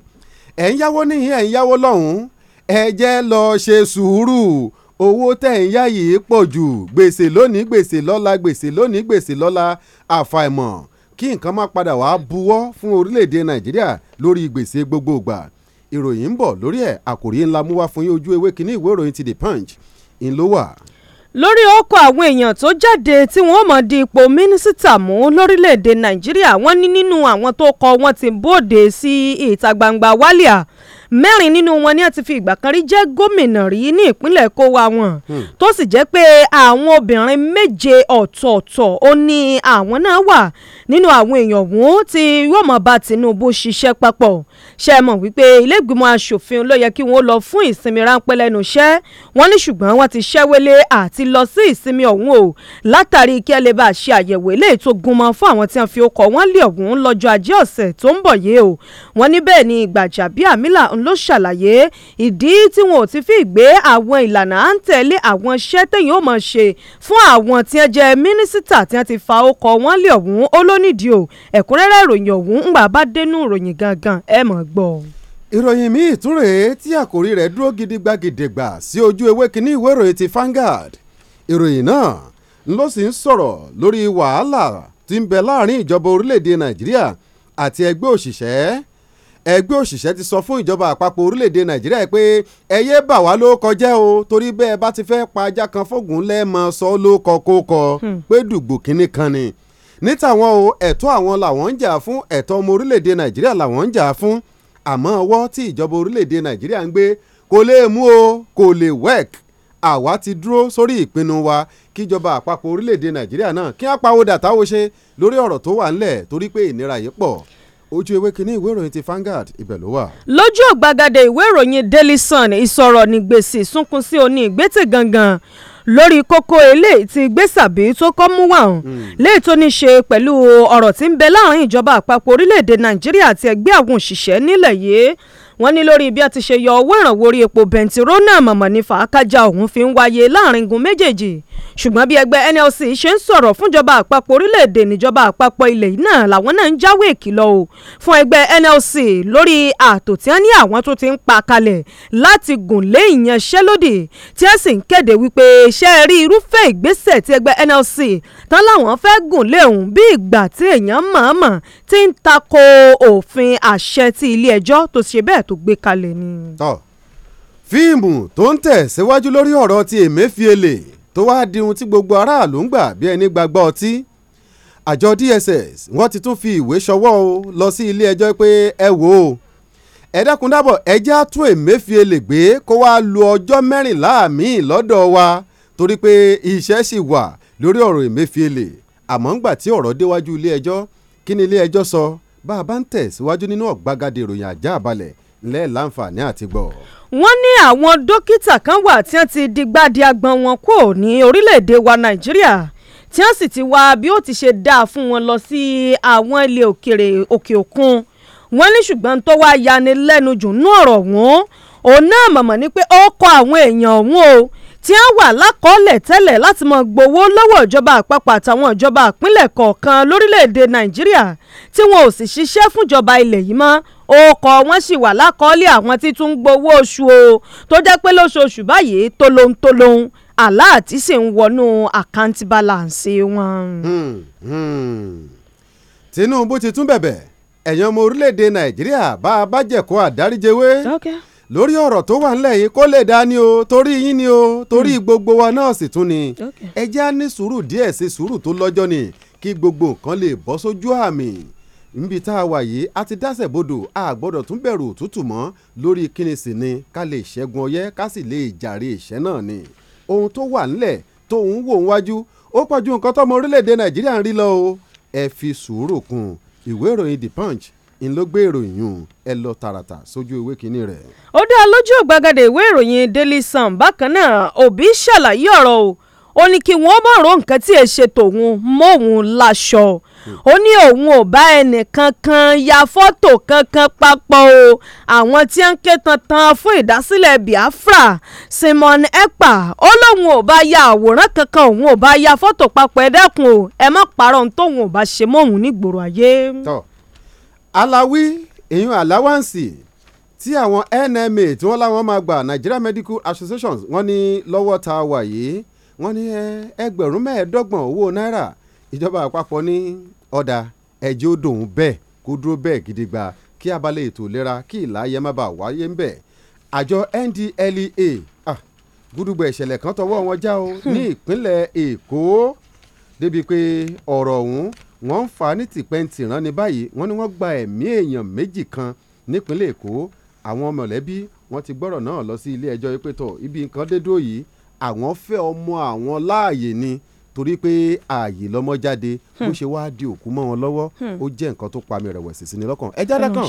ẹ̀ ń yáwó níhìn ẹ̀ ń yáwó lọ́hùn-ún ẹ jẹ́ lọ ṣe sùúrù owó tẹ̀ ń yá yìí pọ̀ jù gbèsè lónìí gbèsè lọ́la gbèsè lónìí gbèsè lọ́la àfàìmọ̀ kí nǹkan má padà wàá buwọ́ fún orílẹ̀-èdè nàìjíríà lórí gbèsè gbogbogbà ìròyìn ń bọ̀ lórí ẹ̀ àkòrí ńlá mú wá fún yín ojú ewé kínní ìwé ìròyìn ti the punch ń ló wà. lórí ọkọ̀ àwọn èèyàn tó jáde tí wọ́n mọ̀ di ipò mínísítà mú lórílẹ̀‐èdè nàìjíríà wọ́n ní nínú àwọn tó kọ wọ́n ti bóde sí ìta gbangba wálíà mẹ́rin nínú wọn ni wọ́n ti fi ìgbà kan rí jẹ́ gómìnà rí ní ìpínlẹ̀ èkó wa wọn hmm. tó sì jẹ́ pé àwọn obìnrin méje ọ̀tọ̀ọ̀tọ̀ ó ní àwọn náà wà nínú àwọn èèyàn ọ̀hún tí yóò mọ̀ bá Tinubu ṣiṣẹ́ papọ̀ ṣe mọ̀ wípé ilé ìgbìmọ̀ asòfin ló yẹ kí wọ́n lọ fún ìsinmi ráńpẹ́ lẹ́nu iṣẹ́ wọ́n ní ṣùgbọ́n wọ́n ti ṣẹ́wélé àti lọ sí ìsinmi ọ̀hún o látàrí kí ẹ lè bá ṣe àyẹ̀wò eléyìí tó gúnmọ́ fún àwọn tí wọ́n fi ọkọ̀ wọn lé ọ̀hún lọ́jọ́ ajé ọ̀sẹ̀ tó ń bọ̀ yé o wọ́n ní bẹ́ẹ̀ ni Gbajabiamila ló ṣàlàyé ìdí tí wọn ò ti fi gbé àwọn ìlànà à ń tẹ̀lé àwọn iṣẹ́ tẹ̀yìn ó mọ̀ ṣe fún àwọn tí wọ́n jẹ́ mínísítà tí wọ́n ti fa ọkọ̀ wọn lé ọ̀hún ó o ẹ̀kúnrẹ́rẹ́ ìròyìn ọ̀hún ń gbà bá dénú ìròyìn gangan ẹ̀ mọ̀ gbọ́ o. ìròyìn míì tún rèé tí àkòrí rẹ̀ dúró gidigba sí ojú ewé kínní ìwé ìròyìn ti Vanguard ìròyìn náà ló sì ń sọ̀rọ̀ lórí wàhálà tí ń bẹ láàrin ìjọba orílẹ̀-èdè Nàìjíríà àti ẹgbẹ́ òṣìṣẹ́ ẹgbẹ́ òṣìṣẹ́ ti sọ fún ìjọba àpapọ̀ orílẹ̀-èdè nàìjíríà pé ẹyẹ bà wá ló kọjá o torí bẹ́ẹ̀ bá ti fẹ́ pa ajá kan fógun lẹ́ẹ̀mọ sọ ló kọ kó kọ hmm. pé dùgbò kínní kan ni ní tàwọn o ẹ̀tọ́ àwọn làwọn ń jà fún ẹ̀tọ́ ọmọ orílẹ̀-èdè nàìjíríà làwọn ń jà fún àmọ́ ọwọ́ tí ìjọba orílẹ̀-èdè nàìjíríà ń gbé kò lè mú o kò lè work àwa ti dúró sórí ìpinnu wa kíjọba àpapọ̀ orílẹ̀-èdè nàìjíríà náà kí á pawódà táwo ṣe lórí ọ̀rọ̀ tó wà ńlẹ̀ torí pé ìnira yìí pọ̀ ojú ewé kínní ìwé ìròyìn ti Vanguard ibẹ̀ ló wà. lójú ọ̀gbagadè ìwé ìròyìn Daily Sun ìsọ̀rọ̀ nígbèsì sunkún sí oní ìgbésẹ̀ gangan lórí kókó eléyìí tí gbèsàbí tó kọ́ mú wà hàn hmm. léyìí tó ní ṣe pẹ̀lú ọ̀rọ̀ tí ń bẹ láàrin ìjọba àpapọ̀ orílẹ̀-èdè nàìjíríà àti ẹgbẹ́ àwọn òṣìṣẹ́ nílẹ̀ yìí wọ́n ní lórí bí a ti ṣe yọ owó ìrànwọ́ orí epo bẹntiróòlù náà mọ̀mọ́ ní fàákájà òun fi ń wáyé láàrin igun méjèèjì ṣùgbọ́n bí ẹgbẹ́ NLC ṣe ń sọ̀rọ̀ fúnjọba àpapọ̀ orílẹ̀-èdè níjọba àpapọ̀ ilẹ̀ yìí náà làwọn náà ń jáwé ìkìlọ̀ o fún ẹgbẹ́ NLC lórí ààtò tí wọ́n ní àwọn tó ti ń pa kalẹ̀ láti gùn lé ìyanṣẹ́lódì tí ẹ sì ń kéde wípé ṣé ẹ rí irúfẹ́ ìgbésẹ̀ tí ẹgbẹ́ NLC tán láwọn fẹ́ gùn lé òun bí ìgbà tí èèyàn mọ̀ọ́mọ̀ ti ń tako òfin àṣẹ ti ilé ẹjọ́ tó ṣe bẹ́ẹ̀ tó gbé kalẹ̀ ni. fíìmù tó ń tẹ̀ lórí ọ̀rọ̀ ti Emefiele tó wáá di ohun tí gbogbo aráàlú ń gbà bí ẹni gbàgbọ́ ọtí àjọ DSS wọ́n ti tún fi ìwé ṣọwọ́ o lọ sí ilé ẹjọ́ pé ẹ wò ó ẹ dákun dábọ̀ ẹjẹ́ á tún Emefiele gbé kó wáá lu ọjọ́ mẹ́rìnlá míì lọ́dọ̀ wa torí pé iṣẹ́ sì wà lórí ọ̀rọ̀ Emefiele àmọ́ ńgbà tí ọ̀rọ̀ déwájú ilé ẹjọ́ kí ni ilé ẹjọ́ sọ bá a bá ń tẹ̀síwájú nínú ọ̀gbagadè ìròyìn àjá àbalẹ̀ lẹ́ẹ̀láǹfààní àti gbọ́. wọ́n ní àwọn dókítà kan wà tí wọ́n ti digbá di agbọ̀n wọn kò ní orílẹ̀-èdè wa nàìjíríà tí wọ́n sì ti wá bí ó ti ṣe dáa fún wọn lọ sí àwọn ilé òkèrè òkè òkun wọ́n ní ṣùgbọ́n tó wá yani jù nú ọ̀rọ̀ wọn òun náà mọ̀mọ́ ni pé ó kọ àwọn èèyàn òun o tí wọ́n wà lákọọ́lẹ̀ tẹ́lẹ̀ láti máa gbowó lọ́wọ́ ìjọba àpapọ̀ àtàwọn ìjọba ìpínlẹ̀ kọ̀ọ̀kan lórílẹ̀‐èdè nàìjíríà tí wọn ò sì ṣiṣẹ́ fúnjọba ilẹ̀ yìí mọ́ ọkọ̀ wọn sì wà lákọọ́lẹ̀ àwọn tí tún ń gbowó oṣù o tó jẹ́ pé lóṣooṣù báyìí tolóńtolóń aláàtí sì ń wọnú àkáǹtì balance wọn. Hmm, hmm. tinubu ti tún bẹ̀bẹ̀ ẹ̀yàn ọmọ orílẹ̀‐èdè nàìjíríà bá a bá jẹ̀kọ́ àdáríjẹwé. Okay lórí ọ̀rọ̀ tó wà ńlẹ̀ yìí kó lè dá ni o torí yín ni o torí hmm. gbogbo wa náà sì tún ni ẹ já ní sùúrù díẹ̀ sí sùúrù tó lọ́jọ́ ni kí gbogbo nǹkan lè bọ́ sójú àmì níbi tá a wà yìí a ti dásẹ̀ bodò a gbọ́dọ̀ tún bẹ̀rù òtútù mọ́ lórí kíni sì ni ká lè ṣẹ́gun ọyẹ́ ká sì lè jàre ìṣẹ́ náà ni ohun tó wà ńlẹ̀ tó ń wò wájú ó pọ̀jù nǹkan tọ́mọ orílẹ̀-èdè Nàìjíríà ń rí lọ o ẹ fi sùúrù kún ìwé ìròyìn The Punch n ló gbé ìròyìn hùn ẹ lọ tààràtà sójú ìwé kínní rẹ̀. ó dá lójú gbàgede ìwé ìròyìn Daily Sun bákan náà òbí ṣàlàyé ọ̀rọ̀ o ó ní kí wọ́n mọ̀ ro nǹkan tí ẹ ṣe tòun mọ́hun láṣọ ó ní òun ò bá ẹnì kankan ya fọ́tò kankan papọ̀ o àwọn tí ń ké tantan fún ìdásílẹ̀ Biafra Simon Ekpa ó lóun ò bá ya àwòrán kankan òun ò bá ya fọ́tò papọ̀ ẹ dẹ́kun o ẹ má parọ́ ohun tóun ò bá ṣe mọ́hun nígboro ayé. tọ́ aláwí ìyún aláwáǹsì tí àwọn NMA tí wọ́n láwọn máa gbà Nigeria Medical Association wọ́n ní lọ́wọ́ ta wà yìí wọ́n ní ẹgbẹ̀rún mẹ́ẹ̀ẹ́dọ́gbọ̀n owó náírà ìjọba àpapọ̀ ní ọ̀dà ẹ̀jẹ̀ ó dòun bẹ́ẹ̀ kó dúró bẹ́ẹ̀ gidigba kí abalẹ̀ ètò ìlera kí ìlàyé má bàa wáyé ń bẹ̀ àjọ NDLEA ah, gúdúgbò ìṣẹ̀lẹ̀ kan tọwọ́ wọn já o ní ìpínlẹ̀ Èkó débi pé ọ̀rọ̀ ọ̀hún wọ́n ń fà á ní tìpẹ́ǹtì rán ní báyìí wọ́n ní wọ́n gba ẹ̀mí èèyàn méjì kan nípínlẹ̀ èkó àwọn mọ̀lẹ́bí wọ́n ti gbọ́rọ̀ náà lọ sí ilé ẹjọ́ pé tọ̀ ibi nǹkan dé dúró yìí àwọn fẹ́ ọmọ àwọn láàyè ni torí pé ààyè lọ́mọ jáde bó hmm. ṣe wá di òkú mọ́ wọn lọ́wọ́ hmm. ó jẹ́ nǹkan tó pa mi rẹ̀wẹ̀sì sí ni lọ́kàn ẹja dákàn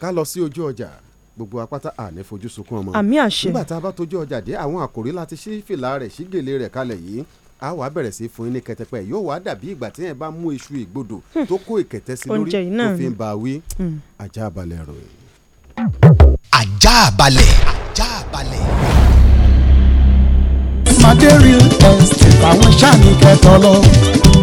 ká lọ sí ojú ọjà gbogbo apáta àní fojú sunkún ọmọ àmì àṣẹ nígbà tá a bá tójú ọjà dé àwọn àkòrí láti ṣí fìlà rẹ̀ ṣí gèlè rẹ̀ kalẹ̀ yìí a wàá bẹ̀rẹ̀ sí fún yín ní kẹtẹpẹ yóò wá dàbí ìgbà tí yẹn bá mú iṣu ìgbodò hmm. tó kó ìkẹtẹ sí lórí tó fi ń ba wí hmm. ajá balẹ̀ ròyìn. ajá balẹ̀ ajá balẹ̀. madé real estate àwọn sáà ní kẹtọ lọ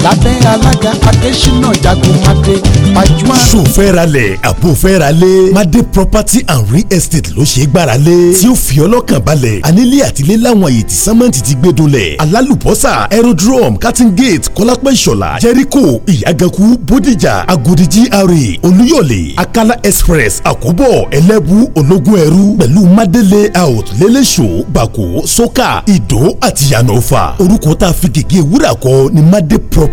lábẹ́ alága adésínà jagun máde pajúmọ́. sòfẹ́ralẹ̀ àbúfẹ́ralẹ̀ máde property and real estate ló ṣe é gbáralẹ̀ tí ó fi ọlọ́kàn balẹ̀ anílé àtìlé láwọn àyè tí sẹ́mẹ́ǹtì ti gbé dolẹ̀ alálùbọ́sà aerodrome cutting gate kọ́lápẹ́ ìṣọ̀lá jẹ́ríkò ìyàgànkù bódìjà agodi gra olúyọ̀lé akala express àkóbọ̀ ẹlẹ́bù ológun ẹrú pẹ̀lú máde layout lẹ́lẹ́ṣọ́ bàkó sọ́kà ìdó àti yànnọ́fà orúkọ tá a fi gègé ni máde property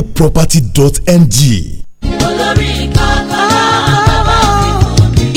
adeproperty.ng. olórí kan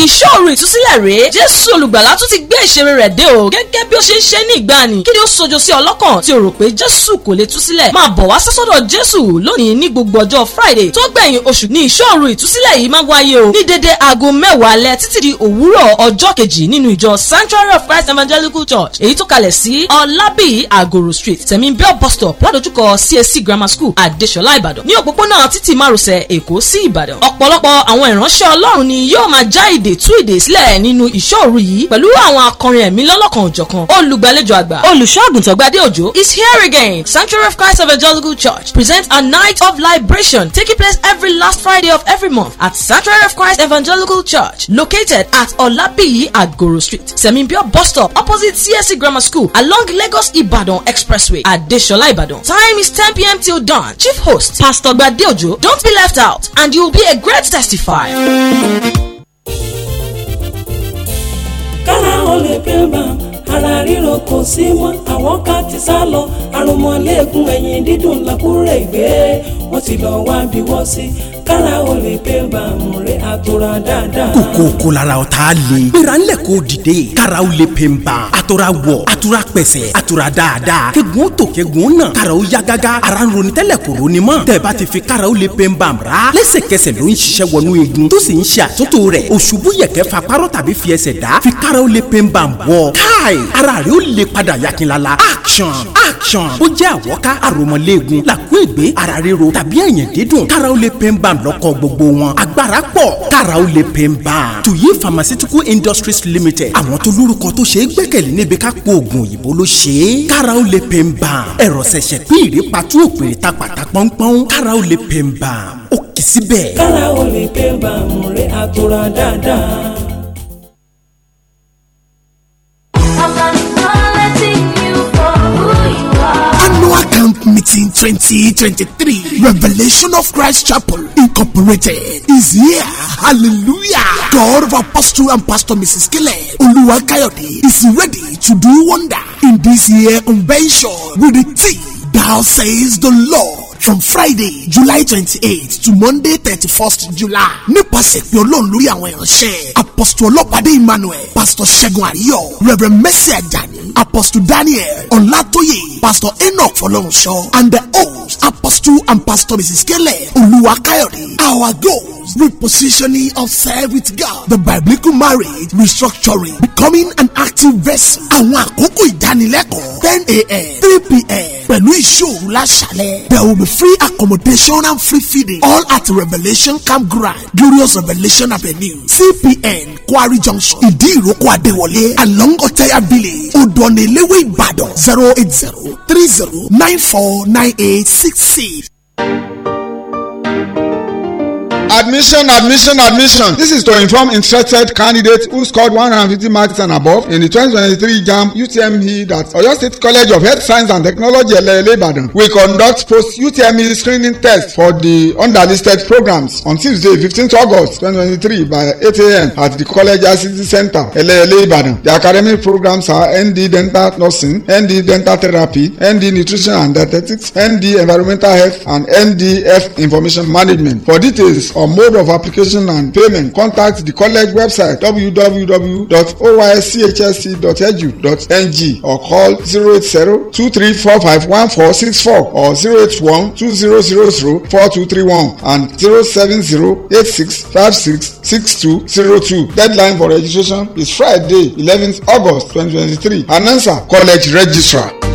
iṣẹ́ òru ìtúsílẹ̀ rèé jésù olùgbàlà tún ti gbé ìṣeré rẹ̀ dé o gẹ́gẹ́ bí ó ṣe ń ṣe ní ìgbàanì kí ni ó sojo sí ọlọ́kàn tí o rò pé jésù kò lè túsílẹ̀ máa bọ̀ wá sọ́sọ́dọ̀ jésù lónìí ní gbogbo ọjọ́ friday tó gbẹ̀yìn oṣù ní ìṣọ́ òru ìtúsílẹ̀ yìí máa wáyé o ní dédé aago mẹ́wàá alẹ́ títí di òwúrọ̀ ọjọ́ kejì nínú ìjọ sanctuary of christ evangelical church èyí tó kalẹ̀ sí ọlábì àgòrò street tẹ̀mí bell bus stop ládojúkọ csc grammar school àdéṣọlá ìbàdàn ní òpópónà títí márosẹ̀ èkó sí ìbàdàn ọ̀pọ̀lọpọ̀ àwọn ìránṣẹ́ ọlọ́run ni yóò máa já ìdè tú ìdè sílẹ̀ nínú ìṣòro yìí pẹ̀lú àwọn akọrin ẹ̀mí lọ́lọ́kan òjọ̀kan olùgbàlejò àgbà olùṣọ́àgùntàn Gbadé Òjó is here again Sanctuary of Christ Evangelical Church presents a night of liberation taking place every last Friday of every month at Sanctuary of Christ Evangelical Church located at Olapiyi Agoro Street Semimbio bus stop opposite CSC Grammar School along Lagos Ibadan Expressway at Deshola Ibadan time is 10 p.m. till dawn chief host Pastor Gbadé Òjó don't be left out and you will be a great testifier. kala lè pé mà ara ríro kò sí mọ́ àwọn ka ti sá lọ àrùnmọ́lẹ́gùn ẹ̀yìn dídùn làkúrẹ́ ìgbé wọ́n ti kára o lè pé bàmù rẹ̀ àtòrà dáadáa. kòkó kò lára ọ̀tá le. gbéra ńlẹ̀ kó dìde. kára o lè pè ń ban. àtòrà wọ̀ àtòrà pẹ̀sẹ̀ àtòrà dáadáa. kegun tó kegun náà. kára o ya gágá. ara ń roni tẹ́lẹ̀ kò roni mọ́. tẹ̀bá ti fi kára o lè pè ń ban ra. lẹ́sẹ̀kẹsẹ̀ ló ń ṣiṣẹ́ wọnú igun. tó sì ń ṣe àtúntò rẹ̀. òṣùbù yẹ̀kẹ́ fa párọ̀ tàbí fi ẹsẹ̀ dá. fi kára o lè pè ń ban bọ̀. káì action. ó jẹ́ àwọ́ká àròmọléegun làkúègbé ara ríro tàbí ẹ̀yìn dídùn kára ó lè pain balm lọ́kọ̀ gbogbo wọn agbára pọ̀ kára ó lè pain balm. tuyi pharmaceutical industries limited àwọn tó lórúkọ tó ṣe é gbẹ́kẹ̀lé níbi ká po oògùn òyìnbó ló ṣe é kára ó lè pain balm ẹ̀rọ ṣẹ̀ṣẹ̀ pín ìrèpàtú òpèrè ta pàtà pọ́npọ́n kára ó lè pain balm ó kì í síbẹ̀. kára ó lè pain balm rẹ̀ àtòrà dáadáa Worship Meeting 2023. Revelation of Christ Chapel Incorporated is here. Hallelujah. God of Apostle and Pastor Mrs. Kile Oluwakayode is ready to do wonder in this year convention with the theme Thou says the Lord from friday july twenty-eight to monday thirty-first july nípasẹ̀ pé ọlọ́run lórí àwọn ìránṣẹ́ apostle ọlọ́pàdé emmanuel pastor ṣẹ́gun àríyọ̀ reverend mercy ajani apostle daniel ọ̀làtọ́yè pastor enoch fọlọ́runṣọ́ and the host apostle and pastor mrs kele olúwa káyọ̀dé our goal goals, repositioning of self with God, the biblical marriage, restructuring, becoming an active vessel. Àwọn àkókò ìdánilẹ́kọ̀ọ́ ten a.m. three p.m. pẹ̀lú ìṣòro láṣálẹ̀. There will be free accommodation and free feeding all at Revelation Campground, Glorious Revelation Avenue, CPN, Quarry Junction, Ìdí Ìrókò Adéwọlé, along Ọ̀tẹ́yà Village, Odò Ọ̀nà Eléwé Ìbàdàn, zero eight zero three zero nine four nine eight six six. Admission, admission, admission. This is to inform interested candidates who scored 150 marks and above in the 2023 JAMB UTME that Oyo State College of Health Science and Technology Elele Ibadan will conduct post-UTME screening test for the underlisted programs on Tuesday, 15th August 2023 by 8 a.m. at the College ICT Center, Elele Ibadan. The academic programs are ND Dental Nursing, ND Dental Therapy, ND Nutrition and Dietetics, ND Environmental Health, and NDF Information Management. For details of or mode of application and payment contact the college website www.oyschsc.edu.ng or call 080 eight zero or 081 eight one and zero seven zero deadline for registration is friday 11th august 2023. twenty announcer college registrar.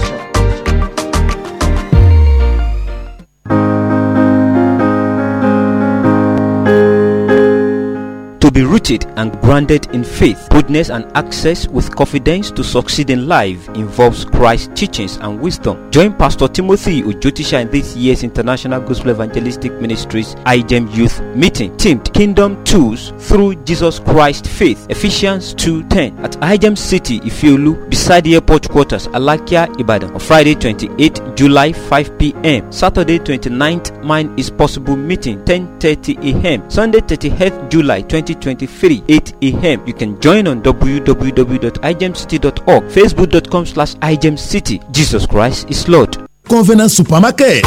rooted and grounded in faith, goodness, and access with confidence to succeed in life involves Christ's teachings and wisdom. Join Pastor Timothy Ujotisha in this year's International Gospel Evangelistic Ministries IGEM Youth Meeting, themed Kingdom Tools Through Jesus Christ Faith, Ephesians 2.10 at IGEM City, Ifeolu, beside the airport quarters, Alakia, Ibadan, on Friday 28 July 5 p.m., Saturday 29th, Mine is Possible Meeting, 10.30 a.m., Sunday 30th July 2020 23 8 a.m. You can join on www.igemcity.org, facebook.com slash igemcity. Jesus Christ is Lord. convenience supermarket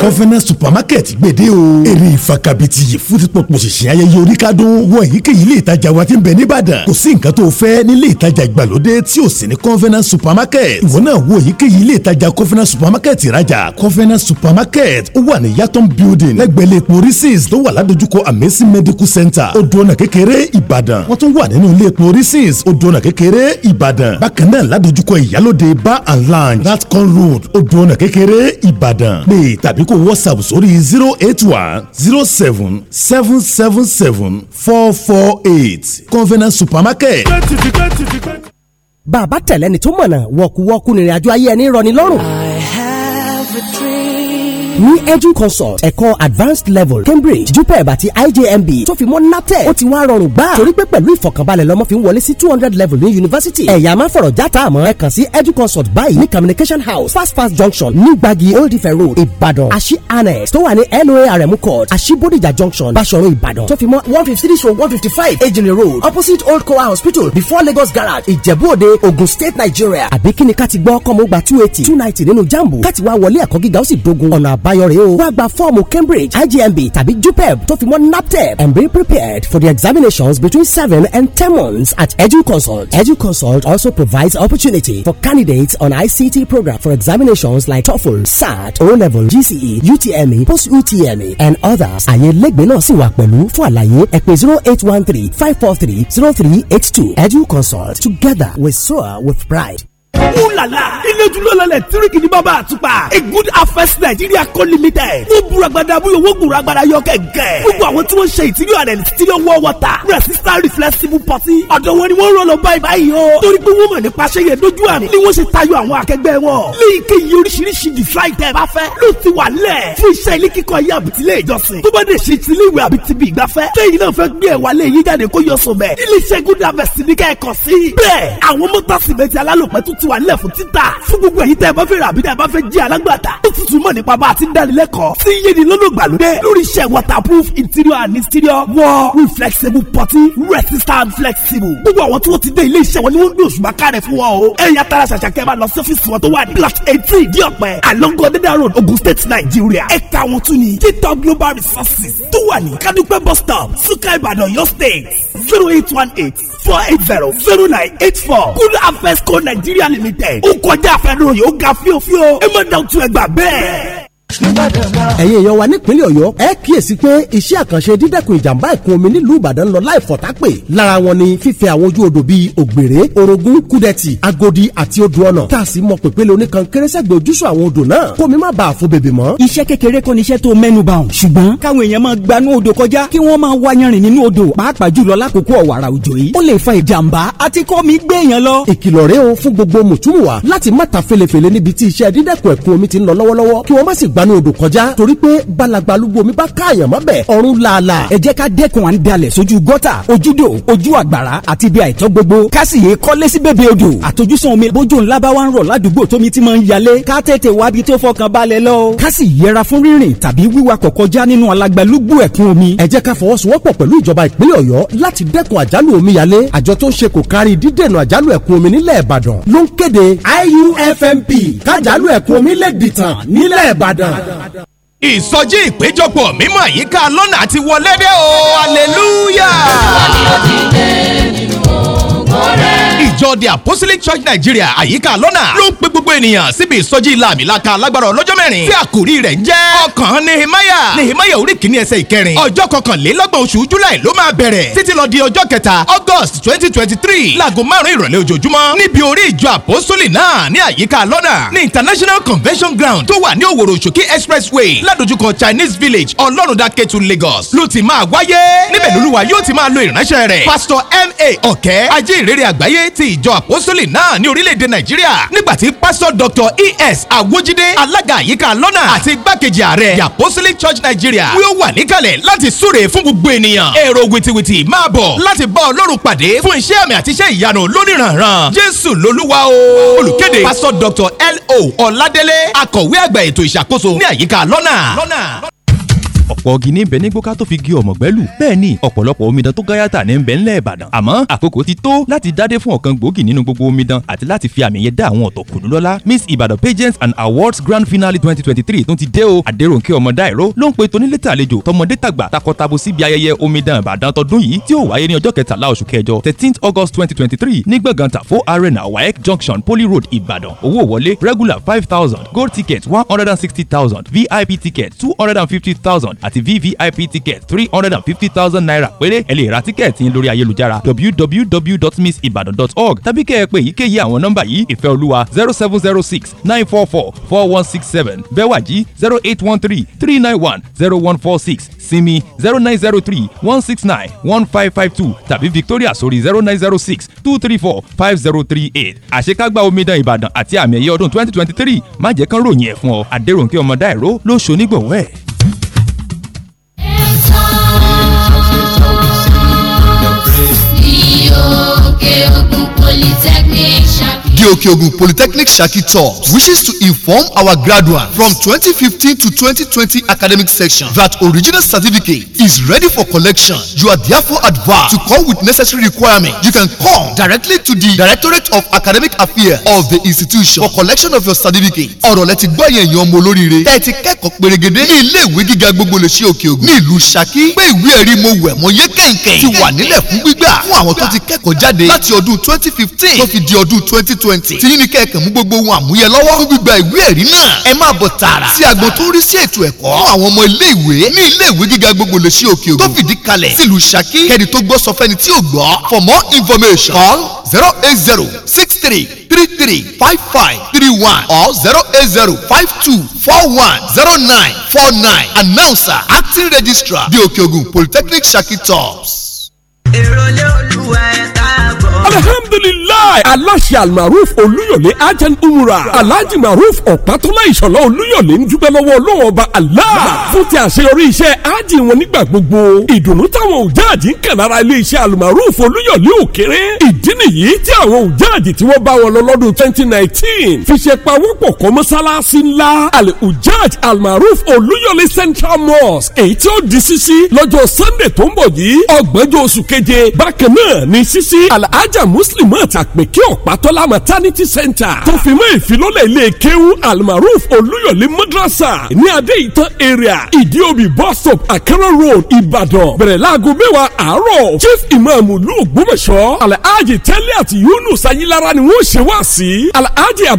convenience supermarket gbèdé o èrè ìfakabiti yìí fún tipọ̀pọ̀ ṣẹ̀ṣẹ̀ ayẹyẹ oríkádùn wọ èyíkéyìí ilé ìtajà wa tí ń bẹ nìbàdàn kò sí nǹkan tó o fẹ́ nílé ìtajà ìgbàlódé tí ò sí ní convenience supermarket ìwọ náà wọ èyíkéyìí ilé ìtajà convenience supermarket ìrajà convenience supermarket ó wà ní yàtọ̀ building lẹ́gbẹ̀lẹ́ epo reeses tó wà ládojúkọ amesi medical center odòna kékeré ìbàdàn wọ́n tún wà nínú ilé epo reeses odòna kékeré ìbàdàn bákan náà ládojúkọ ìyálòde bar and lounge ratcon road ẹ̀sùn ọ̀nà kékeré ìbàdàn pé tàbí kó whatsapp sórí zero eight one zero seven seven seven seven four four eight convenience supermarket. bàbá tẹ̀lẹ́ni tó mọ̀nà wọ̀kúwọ́kú nìrìnàjò ayé ẹni rọ̀ ní lọ́rùn. I have a dream ní edu consult ẹ̀kọ́ advanced level cambridge jupeb àti ijmb tó fi mọ́ natec ó ti wá rọrùn gbà torí pé pẹ̀lú ìfọ̀kànbalẹ̀ lọ́mọ fi ń wọlé sí two hundred level ní yunifásitì ẹ̀yà máa fọ̀rọ̀ játa àmọ́ ẹ kàn sí edu consult báyìí ní communication house fast fast junction ní gbagi old ife road ìbàdàn àṣì annex tó wà ní loarm court àṣì bodijà junction basoro ìbàdàn tó fi mọ́ one fifty three to one fifty five ejinle road opposite old kowa hospital before lagos garage ìjẹ̀bú-òde ogun state nigeria àbí kíni ká ti gbọ́ kọ́mọ́gbà two eighty two ninety nínú jambu ká ti wá wọlé ẹ̀kọ́ gíga ó sì dogun ọ̀nà àbá àbáyọrí o wá gba Cambridge IGMB, tàbí JUPEB tó NAPTEP and be prepared for the examinations between seven and ten months at EduConsult. EduConsult also provides opportunity for candidates on ICT program for examinations like TOEFL, SAT, O-Level, GCE, UTME, Post-UTME and others. àyè lẹ́gbẹ̀ẹ́ náà sì wà pẹ̀lú fún àlàyé ẹ̀pẹ́ zero eight one three five four three zero three eight two EduConsult together we soar with pride. Ulala! Ilé dúró lọlẹ̀ tíríkì ní bàbá àtúpà. A good affairs Nigeria co limited. Wọ́n búra gbada bóyá owó gbúra gbada yọ kẹ̀kẹ́. Gbogbo àwọn tí wọ́n ṣe ìtìlẹ̀ rẹ̀ ní títílẹ̀ wọ́ wọ́ta. Resistant reflexible pọtí. Ọ̀dọ̀ wọn ni wọ́n rán lọ báyìí báyìí o. Torí pé wọ́n mọ̀ nípa ṣe yẹ dójú àmì. Ni wọ́n ṣe tayọ àwọn akẹgbẹ́ wọn. Léyìíkéyìí oríṣiríṣi design tẹ́ ẹ bá fẹ́. Ló ti wà lẹ̀. Fún iṣẹ́ ilé kíkọ́ yé àbítílẹ̀ ìjọsìn. Tó bá dé ṣe ti léwé àbí ti bí ìgbafẹ́. Téyìn náà fẹ́ gbé ẹ̀wà lé yín jáde kó yọ sọ bẹ̀. Ilé iṣẹ́ good harvest ní kẹ́ẹ̀kan sí. Bẹ́ẹ̀ àwọn mọ́tà sìmẹ́ntì ti wà nílẹ̀ fún títà fún gbogbo ẹ̀yin tẹ́ ẹ bá fẹ́ rà àbí tẹ́ ẹ bá fẹ́ jẹ́ alágbàtà ètùtù mọ̀ nípa bá a ti ń dánilẹ́kọ̀ọ́ sí yéni lọ́lọ́gbàlódé lórí iṣẹ́ waterproof interior and exterior wall reflexible putty resistant flexible gbogbo àwọn tí wọ́n ti dé ilé iṣẹ́ wọn ni wọ́n ń dùn ṣùgbọ́n káàrẹ̀ fún wọn o ẹ̀yin atara ṣàṣàkẹ́ máa lọ sí ọ́fíìsì wọn tó wà ní plot eighteen di ọ̀pẹ along odeda road Ogun State Nigeria ẹ̀ka wọn tún ni jita global resources tó wà ní Kadupe bus stop Suka Ibadan your State zero eight one eight four eight zero zero nine eight four good affairs co Nigeria limited ó kọjá àfẹnuròyìn ó ga fíofío ẹ má dàtú ẹgbà bẹ́ẹ̀ ẹ̀yin èèyàn wa nípínlẹ̀ ọ̀yọ́ ẹ kíyèsí pé iṣẹ́ àkànṣe dídẹ́kun ìjàmbá ìkún omi nílùú ìbàdàn lọ láì fọ̀tápè lára wọn ni fífẹ́ àwọn ojú odò bíi ògbèrè orogún kúdẹ̀tì agodi àti odò ọ̀nà tá a sì mọ pèpele oníkan kérésẹ́gbẹ̀ ojúṣọ àwọn odò náà kó mi má bàa fún bèbè mọ́. iṣẹ́ kékeré kan níṣẹ́ tó mẹ́nu bà ọ́n ṣùgbọ́n káwọn èèyàn máa gbanú odò kọjá kí wọ́n máa wá yanrìn nínú odò pàápàá o fún gbogbo mùtúmùwà láti má ta felefele níbi tí iṣẹ́ dídẹ́kun ẹ̀kún omi ti ń lọ lọ́wọ́lọ́wọ́ kí wọ́n gbanú odò kọjá torí pé balagba lúgbó mi bá káàyàn mọ́bẹ̀ ọ̀run làálà. ẹ jẹ́ ká dẹ́kun à ń dalẹ̀ sójú gọ́tà ojúdò ojú àgbàrá àti ibi àìtọ́ gbogbo kásìyè kọ́lé sí bèbè odò àtojúsùn omi bójú ńlá bá wà ń rọ̀ ládùúgbò tómi ti máa ń yalé ká tètè wá bi tó fọkàn balẹ̀ lọ. kásì yẹra fún rírìn tàbí wíwakọ̀ kọjá nínú alagbalúgbú ẹ̀kún omi. ẹ jẹ́ ká fọwọ́sowọ́pọ̀ pẹ̀lú ìjọba ìpínlẹ̀ ọ̀yọ́ láti dẹ́kun IUFMP kájálù ẹ̀kún omi lè dìtàn nílẹ̀ ìsọjí ìpéjọpọ̀ mímọ́ àyíká lọ́nà àti wọlé dé o hallelujah. wọ́n ní ó nínú ọgọ́rẹ́ ìjọ the apostolic church nigeria àyíká lọ́nà ló ń pe gbogbo ènìyàn síbi ìsọjí ìlà àmìlaka alágbára ọlọ́jọ́ mẹ́rin tí àkòrí rẹ̀ ń jẹ́ ọkàn nehemaya nehemaya orí kìíní ẹsẹ̀ ìkẹrin ọjọ́ kọkànlélọ́gbọ̀n oṣù july ló máa bẹ̀rẹ̀ títí lọ di ọjọ́ kẹta august twenty twenty three láago márùn-ún ìrọ̀lẹ́ ojoojúmọ́ níbi orí ìjọ àpọ́sólì náà ní àyíká lọ́nà ní international convention ground tó wà ní òwòrò òṣòkí expressway ládojúkọ chinese village ọlọ́rundá ketu lagos ló ti máa wáyé níbẹ̀ lolúwa yóò ti máa lo ìránṣẹ́ rẹ̀ pastor ma ọ̀kẹ́ ajé ìrere àgbáyé ti lórí ìjọ àpọ́sítélì náà ní orílẹ̀-èdè nàìjíríà nígbà tí pásítọ̀ dr es awojide alága àyíká lọ́nà àti igbákejì ààrẹ the apostolic church nigeria yóò wà níkàlẹ̀ láti súre fún gbogbo ènìyàn èrò wìtìwìtì máa bọ̀ láti bá ọlọ́run pàdé fún iṣẹ́ àmì àti iṣẹ́ ìyanu lóníranran jésù lolúwa o olùkéde pásítọ̀ dr lo ọládélé akọ̀wé àgbà ètò ìṣàkóso ní àyíká lọ́nà ọ̀pọ̀ ọ̀gì ní bẹ̀ ní gbóká tó fi gé ọmọ gbẹ́lù bẹ́ẹ̀ ni ọ̀pọ̀lọpọ̀ omidan tó gáyàtà ní bẹ̀ ńlẹ̀ ìbàdàn àmọ́ àkókò ti tó láti dádé fún ọ̀kan gbòógì nínú gbogbo omidan àti láti fi àmì ẹ̀yẹ dá àwọn ọ̀tọ̀kùlú lọ́lá miss ìbàdàn pageants and awards grand finale twenty twenty three tó ti dé o àdéròǹkè ọmọ dáìró ló ń pe tonílétà àlejò tọmọdé tàgbà takọtabo síbi ayẹyẹ omidan ìbàdàn tọdún yìí tí ó wáyé ní ọjọ́ kẹtàlá oṣù kẹjọ august twenty twenty three ní arena waec junction poly road ìbàdàn owó wọlé regular five thousand gold ticket one hundred and sixty thousand vip ticket two hundred and fifty thousand àti vvip ticket three hundred and fifty thousand naira péré ẹ lè ra tíkẹ́ẹ̀tì yín lórí ayélujára www.missibadan.org tàbí kẹ́ ẹ pé èyíkéyìí àwọn nọ́mbà yìí ìfẹ́ olúwa zero seven zero six nine four four four one six seven bẹ́wàjì zero eight one three three nine one zero one four six simi zero nine zero three one six nine one five five two tàbí victoria sórí zero nine zero six two three four five zero three eight àṣekágbá omidan ìbàdàn àti àmì ẹ̀yẹ ọdún twenty twenty three má jẹ́ kán ròyìn ẹ̀ fún ọ adéròǹkè ọmọdá ẹ̀rọ ló ṣonígbọ̀wọ́ ẹ̀. Kilton Polytechnique Adeokiogun Polytechnic Shaki Tops wishes to inform our graduates from 2015 to 2020 academic section that original certificate is ready for collection. You are therefore advised to come with necessary requirements. You can come directly to the Directorate of Academic Affairs of the institution for collection of your certificate. Ọ̀rọ̀ lẹ ti gbọ́ yẹn yan ọmọ olóríire. ẹ ti kẹ́kọ̀ọ́ pérégedé ní iléèwé gíga gbogbo lè ṣe òkè ògùn ní ìlú Ṣakí. Pé ìwé ẹ̀rí mo wẹ̀ mo yé kẹ̀kẹ́ ti wà nílẹ̀ fún gbígbà fún àwọn tó ti kẹ́kọ̀ọ́ jáde láti ọdún 2015 tó fi di ọdún 2020 twenty tí yín ni kẹ́ẹ̀kan mú gbogbo ohun àmúyẹ lọ́wọ́ fún gbígba ìwé ẹ̀rí náà ẹ máa bọ̀ tààrà sí agbọn tó ń rí sí ètò ẹ̀kọ́ fún àwọn ọmọ ilé ìwé ní ilé ìwé gíga gbogbo lè ṣe òkè ògùn tó fìdí kalẹ̀ sílùú Ṣakí kẹ́ni tó gbọ́ sọ fẹ́ni tí ò gbọ́ for more information call zero eight zero six three three three five five three one or zero eight zero five two four one zero nine four nine announcer acting registrar di òkè ògùn polytechnic Ṣakí tops. èrò lé olúwa ẹ̀ alihamdulilayi aláṣẹ almaruf olúyọ̀lé ajan umra alhaji maruf ọ̀pátọ́lá ìṣọ̀lá olúyọ̀lé ń dúpẹ́ lọ́wọ́ ọlọ́wọ́ ọba allah fún ti àṣeyọrí iṣẹ́ ají wọn nígbà gbogbo ìdùnnú táwọn òjáàjì ń kàn lára ilé iṣẹ́ almaruf olúyọ̀lé òkèrè ìdí nìyí tí àwọn òjáàjì tí wọ́n bá wọn lọ lọ́dún twenty nineteen fi ṣe pawọ́pọ̀ kọ́ mọ́sálásí ńlá alẹ́ òjáàj almaruf olúyọ̀lé central mosque èyí tí ó di ṣíṣí lọ́jọ́ sunday tó ń bọ̀ yìí ọgbọ̀njọ́ oṣù keje bákan náà ni ṣíṣí alhaja Muslim muslimat àpèké ọ̀pátọ́lá maternity center tó fi mọ́ ìfilọ́lẹ̀ ilé kéwú almaroof olúyọ̀lé madrasa ní adé ìtàn area ìdíòbí bus stop akẹ́rọ̀ road ìbàdàn bẹ̀rẹ̀ láago mẹ́wàá àárọ̀ chief imam olú ògbómọ̀ṣọ́ alhaji tẹ́lẹ̀ àti yunus ayílára ni wọ́n ṣe wá sí alhaji ab